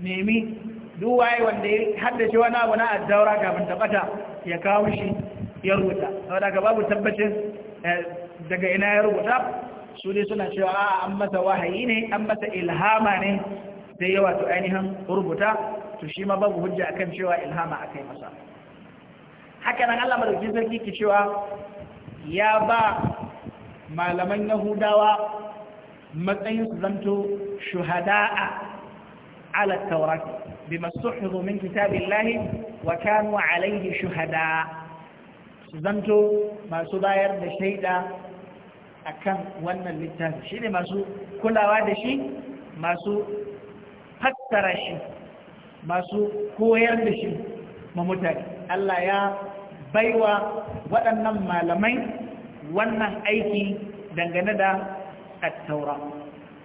nemi duk waye wanda ya haddace wani abu na addaura kafin tabbata ya kawo shi ya rubuta saboda ga babu tabbacin eh, daga ina ya rubuta su ne suna cewa a an masa wahayi ne an masa ilhama ne da yawa to ainihin rubuta to shi ma babu hujja akan cewa ilhama aka yi masa haka nan Allah madauki sarki ki cewa ya ba malaman yahudawa matsayin su zanto shuhada'a ala taurati bima suhidhu min kitabillahi wa kanu alaihi shuhada su zanto masu bayar da shaida akan wannan littafi shine masu kulawa da shi masu fassara shi masu koyar da shi ma mutane Allah ya baiwa waɗannan malamai wannan aiki dangane da attaura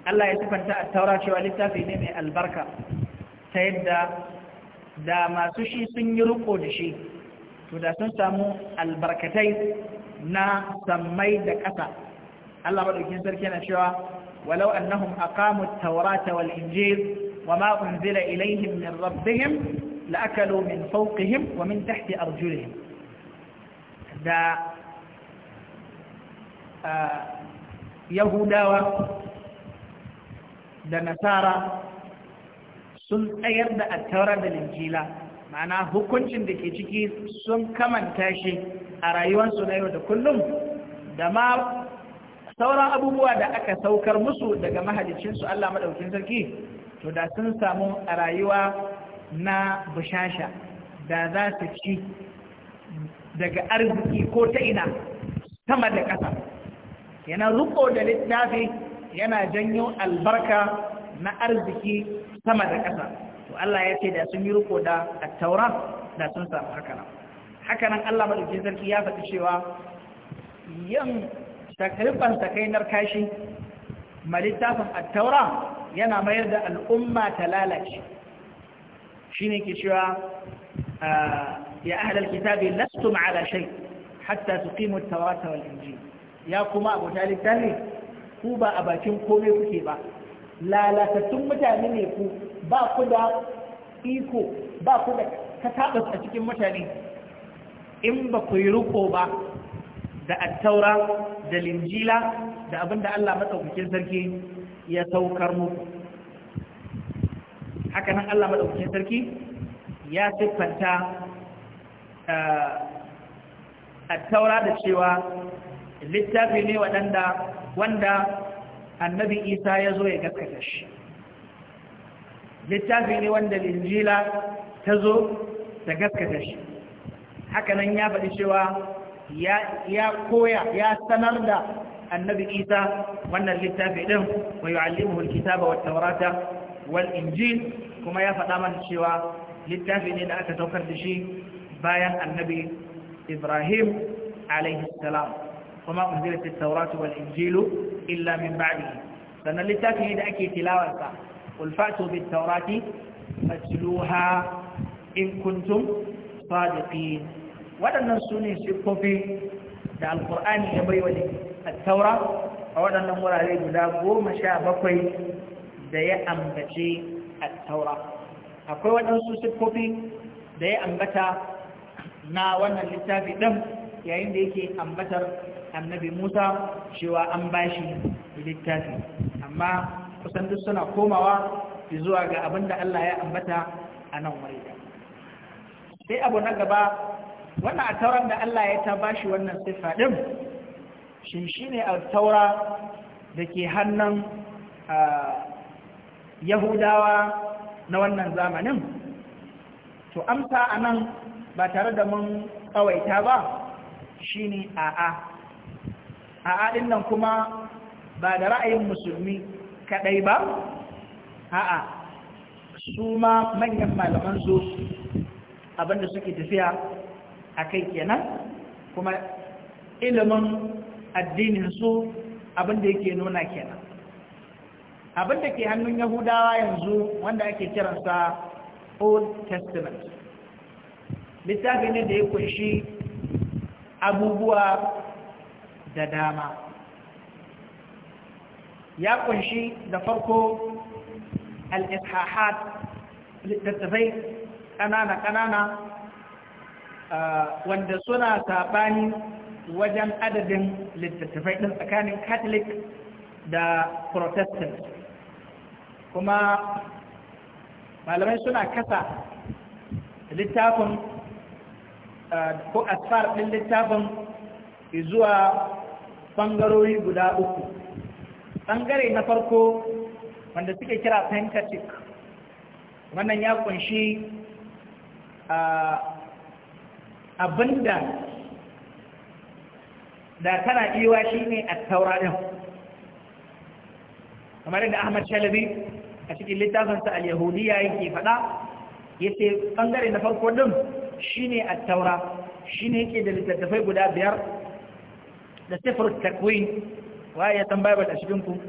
Allah ya sifanta attaura cewa littafi ne mai albarka ta yadda da masu shi sun yi riko da shi to da sun samu albarkatai na sammai da ƙasa Allah madaukin sarki na cewa walau annahum aqamu at-taurata wal injil wama unzila ilayhim min rabbihim la'akalu min fawqihim wa min tahti arjulihim da ah, yahudawa da nasara sun tsayar da attaura da linjila ma'ana hukuncin da ke ciki sun kamanta shi a rayuwarsu na yau da kullum da ma sauran abubuwa da aka saukar musu daga mahalicinsu Allah maɗaukin sarki to da sun samu a rayuwa na bushasha da za su ci daga arziki ko ta ina sama da ƙasa yana ruko da littafi yana janyo albarka na arziki sama da ƙasa to Allah ya ce da sun yi riko da taura da sun samu haka nan Allah madaukakin sarki ya faɗi cewa yan takalfan sakainar kashi malittafin attaura yana mayar da al'umma ta lalace shi ne ke cewa ah, ya ahalar kitabi lastu ma'ala shai hatta su kimu tawata wal inji ya kuma abu ta littafi ku ba a bakin kome kuke ba lalatattun mutane ne ku ba ku da iko ba ku da kasaɓa a cikin mutane in ba ku yi riko ba da attaura da linjila da abin da Allah maɗaukakin sarki ya saukar muku haka nan Allah maɗaukakin sarki ya siffanta eh, attaura da cewa littafi ne waɗanda wanda annabi isa ya zo ya gaskata shi littafi ne wanda linjila ta zo ta gaskata shi hakanan ya faɗi cewa ya koya ya sanar da annabi isa wannan littafi ɗin wa yi alimuhu alkitaba wa taurata wal injil kuma ya faɗa mana cewa littafi ne da aka saukar da shi bayan annabi ibrahim alaihissalam kuma unzilat at-taurat wal illa min ba'dihi sannan littafi ne da ake tilawarsa qul fatu bit taurati fatluha in kuntum sadiqin waɗannan sune siffofi da alqur'ani ya baiwa at-taura a waɗannan wurare guda goma sha bakwai da ya ambace at-taura akwai waɗansu siffofi da ya ambata na wannan littafi ɗin yayin da yake ambatar annabi musa cewa an bashi littafi amma kusan duk suna komawa zuwa ga abin da allah ya ambata a nan wuri sai abu na gaba wannan a tauran da allah ya ta bashi wannan siffa ɗin shi shi ne a taura da ke hannun yahudawa na wannan zamanin to amsa a nan ba tare da mun kawaita ba shi ne a'a a halin nan kuma ba da ra'ayin musulmi kaɗai ba a'a su ma manyan malaman su abinda suke tafiya a kai kenan kuma ilimin addinin su abinda yake nuna kenan abinda ke hannun yahudawa yanzu wanda ake kiransa old testament littafi ne da ya kunshi abubuwa da dama ya kunshi da farko al-ishahat littattafai ƙanana-ƙanana wanda suna saɓani wajen adadin littattafai ɗin tsakanin catholic da protestant kuma malamai suna kasa littafin ko asfar ɗin littafin zuwa Bangarori guda uku ɓangare na farko wanda suke kira pentateuch wannan ya kunshi abinda da tana iwa shi ne a kamar da ahmad shalabi a cikin littafinsa al-yahudiya yake faɗa ya ce ɓangare na farko ɗin shi ne a taura shi ne yake da littattafai guda biyar da sifir takwin waye san bible a cikinku? ku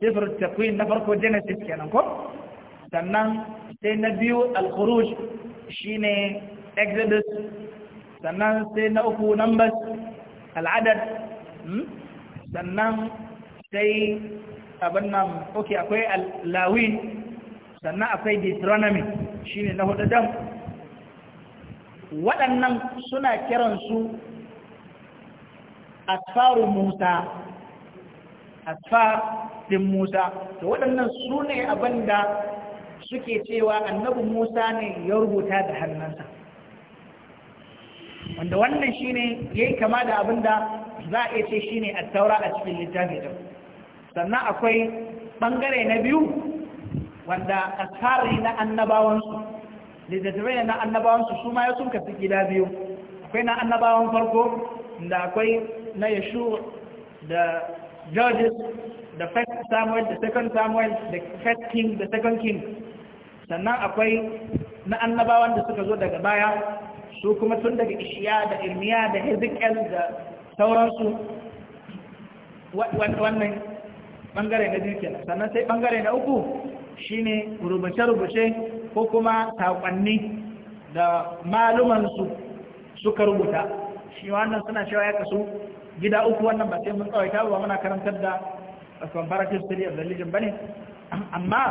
sifir takwin na farko genesis kenan ko sannan sai na biyu al-khuruj shine exodus sannan sai na uku numbers al'adad hmm? sannan sai abin nan ok akwai lawin sannan akwai deuteronomy shine na hudu dam waɗannan suna kiransu asfaru musa asfar din musa to waɗannan su ne suke cewa annabi musa ne ya rubuta da hannunsa wanda wannan shine ya yi kama da abinda da za a ce shine a taura a cikin littafi ɗin sannan akwai ɓangare na biyu wanda asfari na annabawansu littattafai na annabawansu su ma ya sun gida biyu akwai na annabawan farko da akwai na yashu da judges da first samuel da second samuel da first king da second king sannan akwai na annabawan da suka zo daga baya su kuma tun daga ishiya da irmiya da hezekiel da sauransu wannan bangare na jirgin sannan sai bangare na uku shine rubuce-rubuce ko kuma takwanni da malumansu suka rubuta shi wannan suna cewa ya kasu gida uku wannan ba sai mun tsawaita ba muna karantar da comparative study of religion bane amma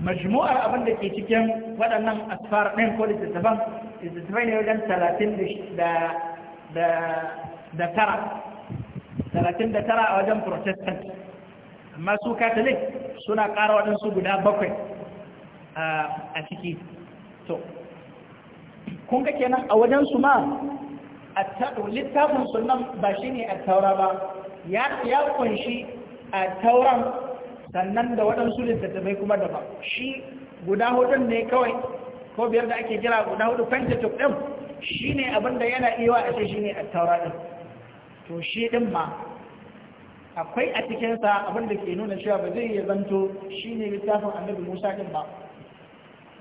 majmu'ar abin da ke cikin waɗannan asfar ɗin ko littattafan littattafai ne wajen talatin da tara a wajen protestant amma su catholic suna ƙara waɗansu guda bakwai a ciki to kun ga kenan a wajen su ma littafin sunan ba shi ne a taura ba ya kunshi a tauran sannan da waɗansu littattafai kuma da ba shi guda hudun ne kawai ko biyar da ake jira guda hudu Pentateuch ɗin shi ne abinda yana iya a ce shi ne a taura ɗin to shi ɗin ma akwai a cikinsa abinda ke nuna cewa ba zai iya zanto shi ne littafin annabi musa ɗin ba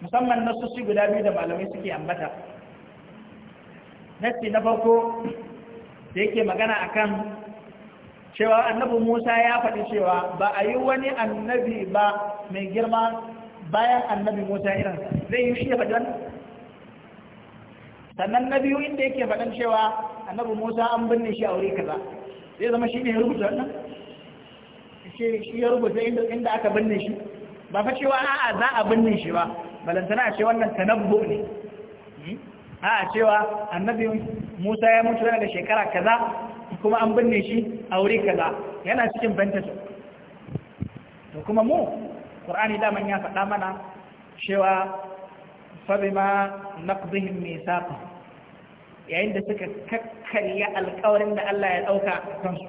musamman nasu guda biyu da malamai suke ambata nassi na farko da yake magana akan cewa annabi Musa ya faɗi cewa ba a yi wani annabi ba mai girma bayan annabi Musa irin zai yi shi ya faɗi sannan na biyu inda yake faɗin cewa annabi Musa an binne shi a wuri kaza zai zama shi ne ya rubuta wannan shi ya rubuta inda aka binne shi ba fa cewa a'a za a binne shi ba balantana a ce wannan tanabbu ne a cewa annabi Musa ya mutu yana da shekara kaza kuma an binne shi a wuri kaza yana cikin fantasy to kuma mu Qur'ani daman ya faɗa mana cewa fabima naqdihim mithaqa yayin da suka kakkarya alƙawarin da Allah ya dauka su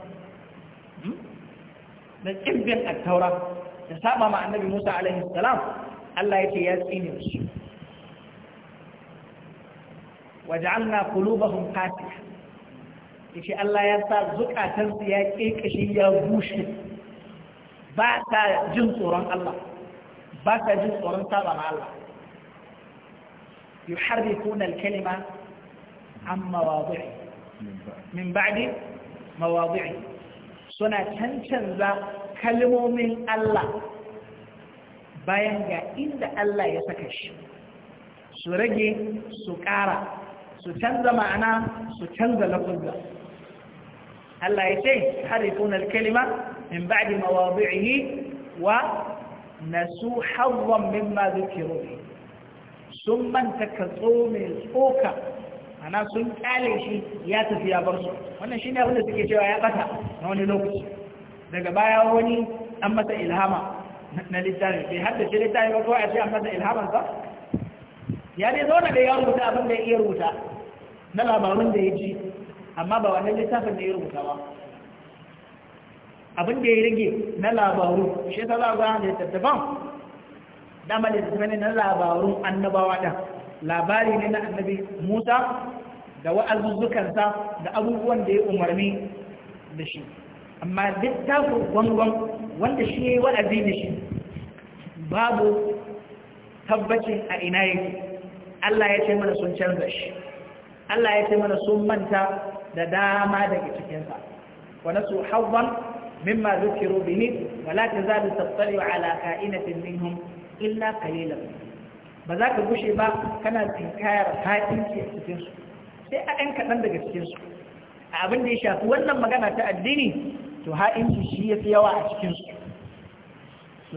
da hmm? kimbin at-taura da saba ma annabi Musa alaihi salam Allah yake ya tsine su waj'alna qulubahum qasiyah yace Allah ya sa zukatan su ya kekashi ya bushe ba ta jin tsoron Allah ba ta jin tsoron saba na Allah yuharrifuna al-kalima an mawadhi'i min ba'di mawadhi'i suna cancanza kalmomin Allah bayan ga inda Allah ya saka shi su rage su ƙara su canza ma'ana su canza lafuzza Allah ya ce harifun alkalima min ba'di mawadhi'ihi wa nasu harwan mimma zukiru sun manta ka mai tsoka ana sun kyale shi ya tafi ya bar su wannan shine abin da suke cewa ya bata na wani lokaci daga baya wani an masa ilhama na littafi bai haddace littafi ba kawai a ce an masa ilhaman sa ya dai zauna da ya rubuta abin da ya iya rubuta na labarun da ya ji amma ba wannan littafin da ya rubuta ba abin da ya rage na labaru shi ta labaru da tattaban dama da tattaban na labarun annabawa ɗan labari ne na annabi musa da wa'azuzzukansa da abubuwan da ya umarni da shi amma littafin gwangwan wanda shi ya yi wa'azi da shi babu tabbacin a ina yake Allah ya ce mana sun canza shi Allah ya ce mana sun manta da dama daga cikinsa wa nasu hawwan mimma zukiru bihi wa la tazalu tattali ala ka'inatin minhum illa qalilan ba za ka gushe ba kana tinkayar hatinci a cikin sai a ɗan kaɗan daga cikinsu. a abin da ya shafi wannan magana ta addini to ha'inci shi ya fi yawa a cikinsu.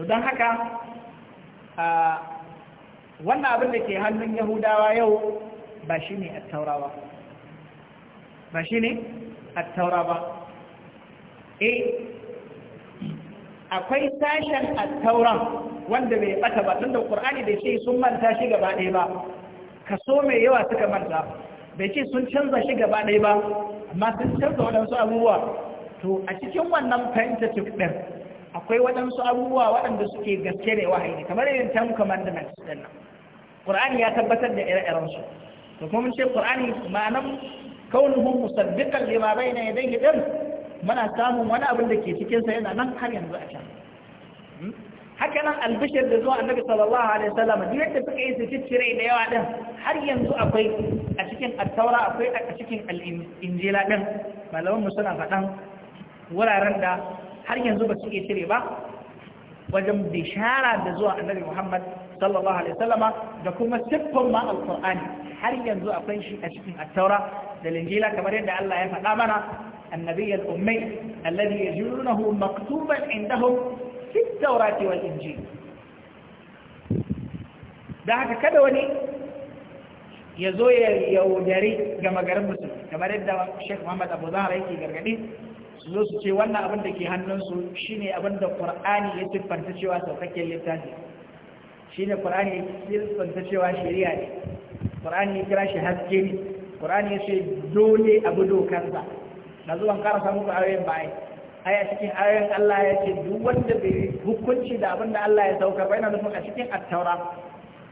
to don haka wannan abin da ke hannun yahudawa yau ba shi ne a ba ba shi ne attaura ba eh, akwai sashen attauran wanda bai bata ba tun da ƙur'ani da ce sun manta shi gaba ɗaya ba kaso mai yawa suka manta bai ce sun canza shi gaba ɗaya ba amma sun canza waɗansu abubuwa to a cikin wannan fahimtatif ɗin akwai waɗansu abubuwa waɗanda suke gaske ne wahayi kamar yin ten commandments ɗin nan ƙur'ani ya tabbatar da ire-irensu to kuma mun ce qur'ani ma'anan kaunuhu musaddiqan lima bayna yadayhi din muna samun wani abin da ke cikin sa yana nan har yanzu a can hmm? haka nan albishir da zuwa annabi sallallahu alaihi wasallam duk yadda suka yi su ciccire da yawa din har yanzu akwai a cikin at-taura akwai a cikin al-injila din malaman mu suna faɗan wuraren da har yanzu ba su iya cire ba wajen bishara da zuwa annabi Muhammad sallallahu alaihi sallama da kuma siffar ma alqur'ani har yanzu akwai shi a cikin attaura da linjila kamar yadda Allah ya faɗa mana annabi al-ummi alladhi yajidunahu maktuban indahum fi at-taurati wal injil da haka kada wani ya zo ya yaudari ga magarin musulmi kamar yadda Sheikh Muhammad Abu Zahra yake gargadi su zo su ce wannan abin da ke hannunsu shine abin da Qur'ani ya siffanta cewa saukakken littafi shi ne ƙur'ani ya kirkanta cewa shari'a ne ƙur'ani ya kira shi haske ne ƙur'ani ya ce dole abu kansa. na zuwa karasa muku ayoyin bayan yi. a cikin ayoyin Allah ya ce duk wanda bai hukunci da abin da Allah ya sauka. ba yana nufin a cikin attaura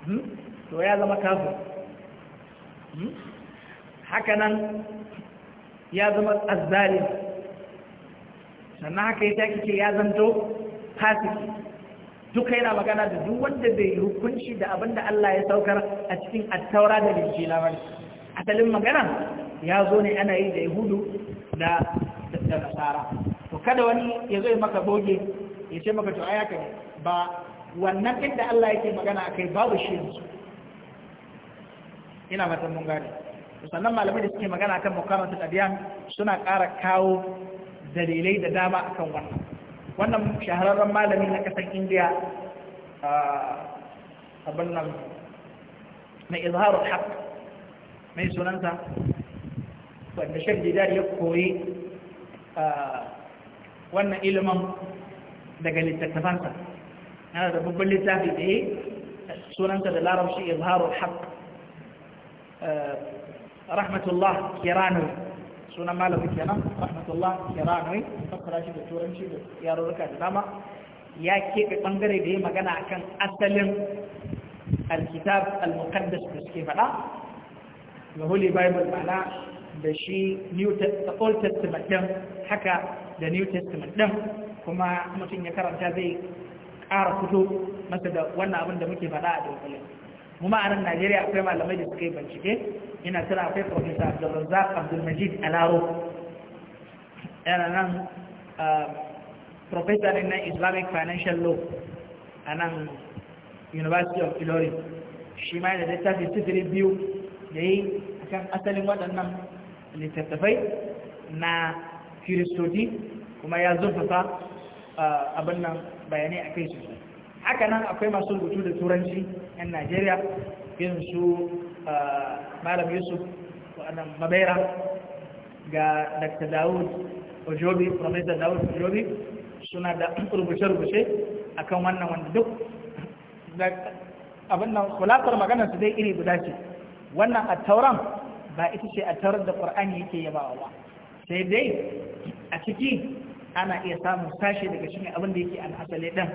hmm? to ya zama kafin hmm? hakanan ya zama azzalim sannan haka ya ce ya zanto fasiki duka yana magana da duk wanda bai hukunci da abin da Allah ya saukar a cikin attaura da injila ba asalin magana ya zo ne ana yi da yahudu da da nasara to kada wani ya zo maka boge ya ce maka to aya ka ba wannan inda Allah yake magana akai babu shi yanzu ina matan mun gane sannan malamai da suke magana kan mukamatul adiyan suna ƙara kawo dalilai da dama akan wannan wannan shahararren malami na kasar indiya abin nan mai izharar haƙ mai sunanta wanda shan jidar ya koyi wannan ilimin daga littattafansa yana da babban littafi da yi sunanta da larabci izharar haƙ rahmatullah kiranu sunan malamin kenan rahmatullah kiranoi fassara shi da turanci da yarurruka da dama ya keɓe ɓangare da ya magana akan asalin alkitab al-muqaddas da suke faɗa the holy bible ma'ana da shi new old testament din haka da new testament din kuma mutum ya karanta zai ƙara fito masa da wannan abin da muke faɗa a dole kuma a nan najeriya akwai malamai da suka yi bincike ina tira akwai profesa abdulrazza abdulmajid alaro yana nan profesa ne na islamic financial law a nan university of ilori shi ma yana littafi sifiri biyu da yi a kan asalin waɗannan littattafai na kiristoti kuma ya zurfafa abin nan bayanai a kai sosai haka nan akwai masu rubutu da turanci yan najeriya irin su ah, malam yusuf waɗannan mabaira ga dr dawud ojobi professor dawud ojobi suna da rubuce-rubuce a kan wannan wanda duk abin nan kulatar magana su dai iri guda ce wannan a tauran ba ita ce a tauran da ƙwar'an yake yaba ba sai dai a ciki ana iya samun sashe daga cikin abin da yake an asali ɗan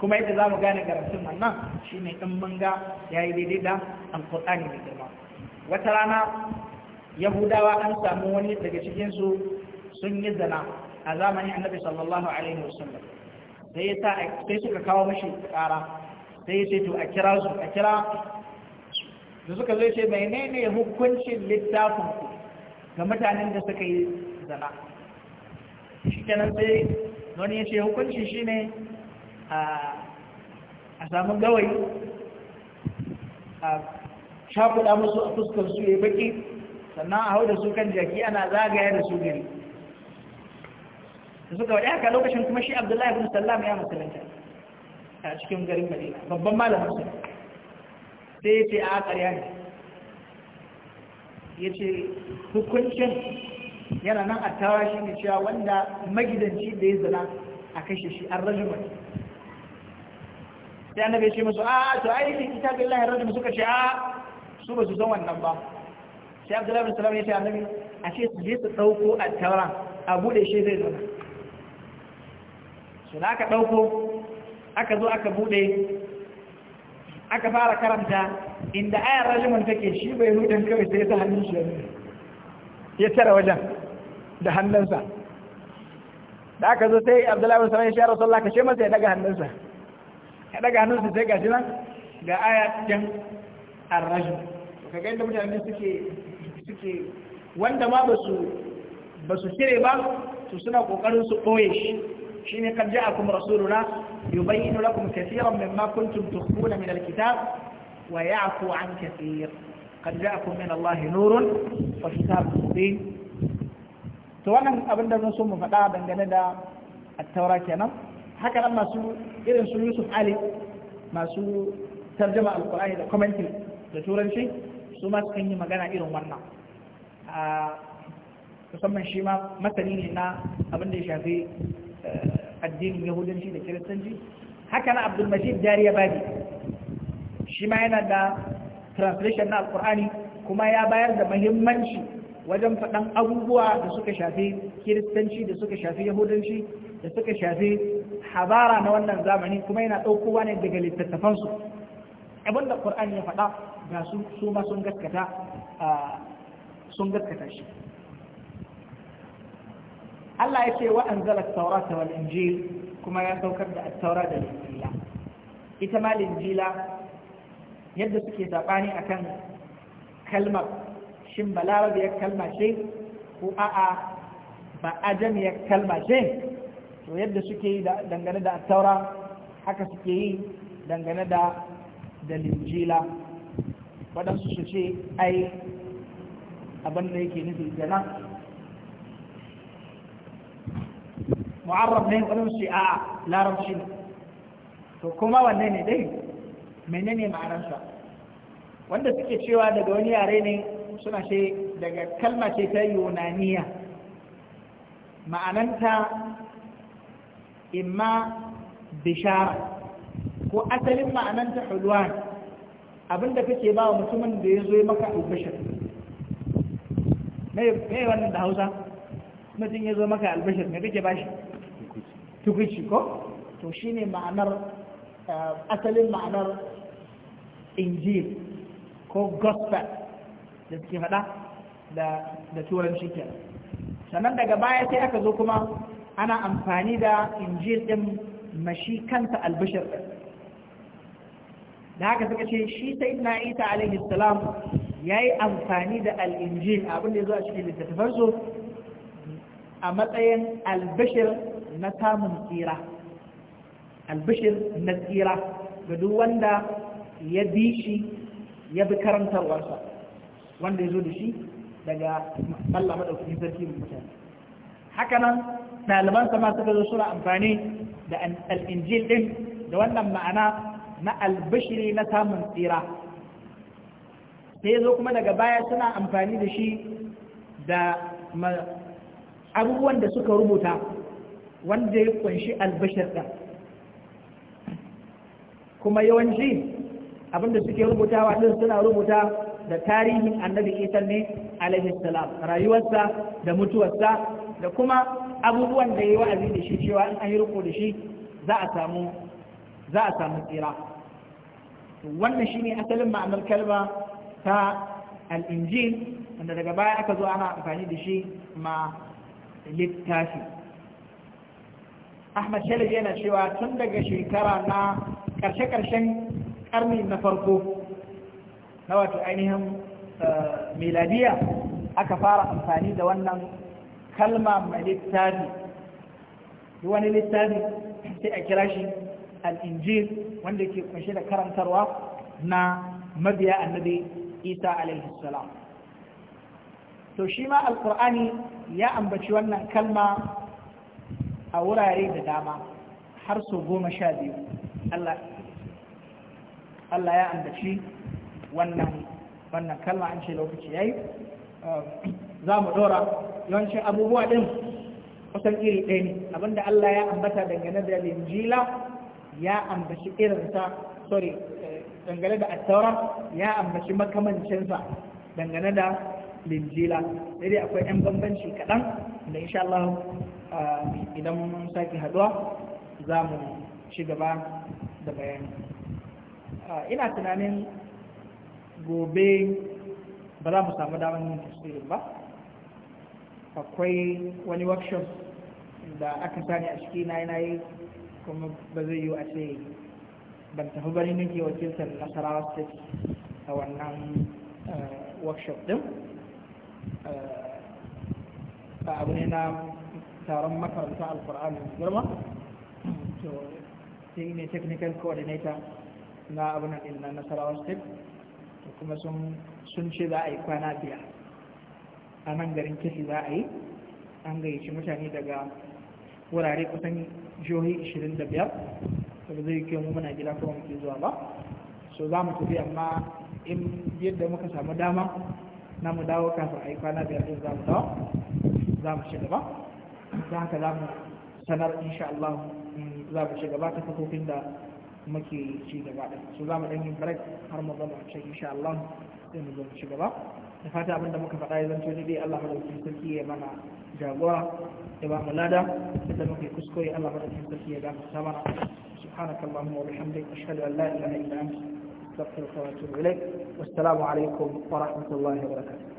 kuma yadda za mu gane garantin wannan shi ne ɗin manga ya yi daidai da an ne mai girma wata rana yahudawa an samu wani daga cikinsu sun yi zana a zamanin annabi sallallahu alaihi wasallam sai ya sa sai suka kawo mashi ƙara sai ya ce to a kira su a kira da suka zo ce menene hukuncin littafin ku ga mutanen da suka yi zana shi kenan sai wani ya ce hukuncin shi ne. a samu gawai a shafuɗa musu a fuskar su ya baki sannan a hau da su kan jaki ana zagaya da su gari da suka waɗe haka lokacin kuma shi abdullahi bin sallam ya musulunta a cikin garin madina babban Malam su sai ya ce a ƙarya ne ya ce hukuncin yana nan a tawa shi ne cewa wanda magidanci da ya zana a kashe shi an rajin mutum sai annabi ya ce musu a to ai ne ita ga Allah rajul suka ce a su ba su san wannan ba sai Abdullahi bin Salam ya ce annabi a ce su je su dauko at-taura a bude shi zai zama su aka dauko aka zo aka bude aka fara karanta inda ayar rajimin take shi bai hudun kawai sai ta hannun shi ya tara wajen da hannunsa da aka zo sai abdullahi bin salam ya shi Allah ka ce masa ya daga hannunsa ya daga hannunsa sai gashi nan ga aya can arrajul ka ga inda mutane suke suke wanda ma ba su ba su cire ba su suna kokarin su boye shi shine kan ja'akum rasuluna yubayyinu lakum kaseeran mimma kuntum tukhfuna min alkitab wa ya'fu an katir قد min Allah nurun wa kitabun mubin to wannan abin da mun so mu faɗa dangane da taura kenan haka nan masu irin su Yusuf Ali masu tarjama alkur'ani da commenting da turanci su ma sukan yi magana irin wannan musamman shi ma masani ne na abin da ya shafi eh, addinin yahudanci da kiristanci haka na abdulmajid dariya babi shi ma yana da translation na alkur'ani kuma ya bayar da mahimmanci wajen faɗan abubuwa da suka shafi kiristanci da suka shafi yahudanci da suka shafi habara na wannan zamani kuma yana ɗaukowa ne daga littattafansu abin da ƙur'ani ya faɗa ga su su ma sun gaskata sun gaskata shi Allah ya ce wa anzala at-taurata wal injil kuma ya saukar da taura da injila ita ma injila yadda suke sabani akan kalmar shin balarabiyar kalma ce ko a'a ba ajamiyar kalma ce to yadda suke yi dangane da taura haka suke yi dangane da da linjila waɗansu su ce ai abin da yake nufi gana. Muarraf ne waɗansu shi a larabci to kuma wanne ne dai menene ma'anarsa wanda suke cewa daga wani yare ne suna ce daga kalma ce ta yunaniya ma'ananta imma bishara ko asalin ma'anan ta hulwan abinda kake ba wa mutumin da ya zo ya maka albashir mai wannan da hausa mutum ya zo maka albashir mai kake ba shi tukuci ko to shine ma'anar asalin ma'anar injil ko gospel da suke faɗa da turanci sanan sannan daga baya sai aka zo kuma ana amfani da injil ɗin mashi kanta albishir da haka suka ce shi ta ina isa alaihi salam ya yi amfani da al'injil abin da ya zo a cikin so? a matsayin albishir na samun tsira albishir na tsira ga duk wanda ya bi shi ya bi karantarwarsa wanda ya zo da shi daga Allah maɗaukakin sarki mutane nan. ɗaliban sama suka zo suna amfani da al'injil ɗin da wannan ma'ana na albashiri na samun tsira sai zo kuma daga baya suna amfani da shi da abubuwan da suka rubuta wanda ya kunshi albashir ɗin kuma yawanci abinda suke rubutawa ɗin suna rubuta da tarihin annabi isa ne alaihi salam rayuwarsa da mutuwarsa da kuma abubuwan da ya yi wa'azi da shi cewa in an yi riko da shi za a samu tsira wannan shine asalin ma'anar kalma ta al-injil wanda daga baya aka zo ana amfani da shi ma littafi Ahmad Shalabi yana cewa tun daga shekara na karshe-karshen karni na farko na wato ainihin eh, miladiya aka fara amfani da wannan kalma mai littafi wani littafi sai a kira shi al'injil wanda ke kunshi da karantarwa na mabiya annabi isa alaihi to shi ma alkur'ani ya ambaci wannan kalma a wurare da dama har so goma sha biyu Allah ya ambaci wannan kalma an ce lokaci ya yi um, za mu ɗora yawancin abubuwa ɗin kusan iri ɗaya ne abinda Allah ya ambata dangane da linjila ya ambaci irinsa sorry eh, dangane da attaura ya ambaci makamancinsa dangane da linjila sai dai akwai 'yan bambanci kaɗan da insha Allah eh, idan mun sake haɗuwa za mu ci gaba da bayani eh, ina tunanin gobe ba za mu samu damar yin tasirin ba akwai wani workshop da aka sani a ciki na yana yi kuma ba zai yi a ce ban tafi bari nake wakiltar nasarawa state a wannan eh, workshop din eh, a abu ne na taron makaranta alkur'ani girma to sai ne technical coordinator na abu na nasarawa state kuma sun ce za a yi kwana biyar a nan garin kisi za a yi an gayyaci mutane daga wurare kusan jihohi 25 da zai kyau mu muna gida kuma muke zuwa ba so za mu tafi amma in yadda muka samu dama na mu dawo kafin yi kwana biyar din za mu dawo za mu shiga ba ta haka za mu sanar insha Allah mm, za mu shiga ba ta kafofin da muke ci gaba din so za mu ɗan yi break har mu zama a can insha Allah sai mu zama mu shiga ba da fata abinda muka faɗa ya zanto daidai Allah madaukakin sarki ya mana jagora ya ba mu lada da muka yi kuskure Allah madaukakin sarki ya gafarta mana سبحانك اللهم وبحمدك أشهد أن لا إله إلا أنت أستغفرك وأتوب إليك والسلام عليكم ورحمة الله وبركاته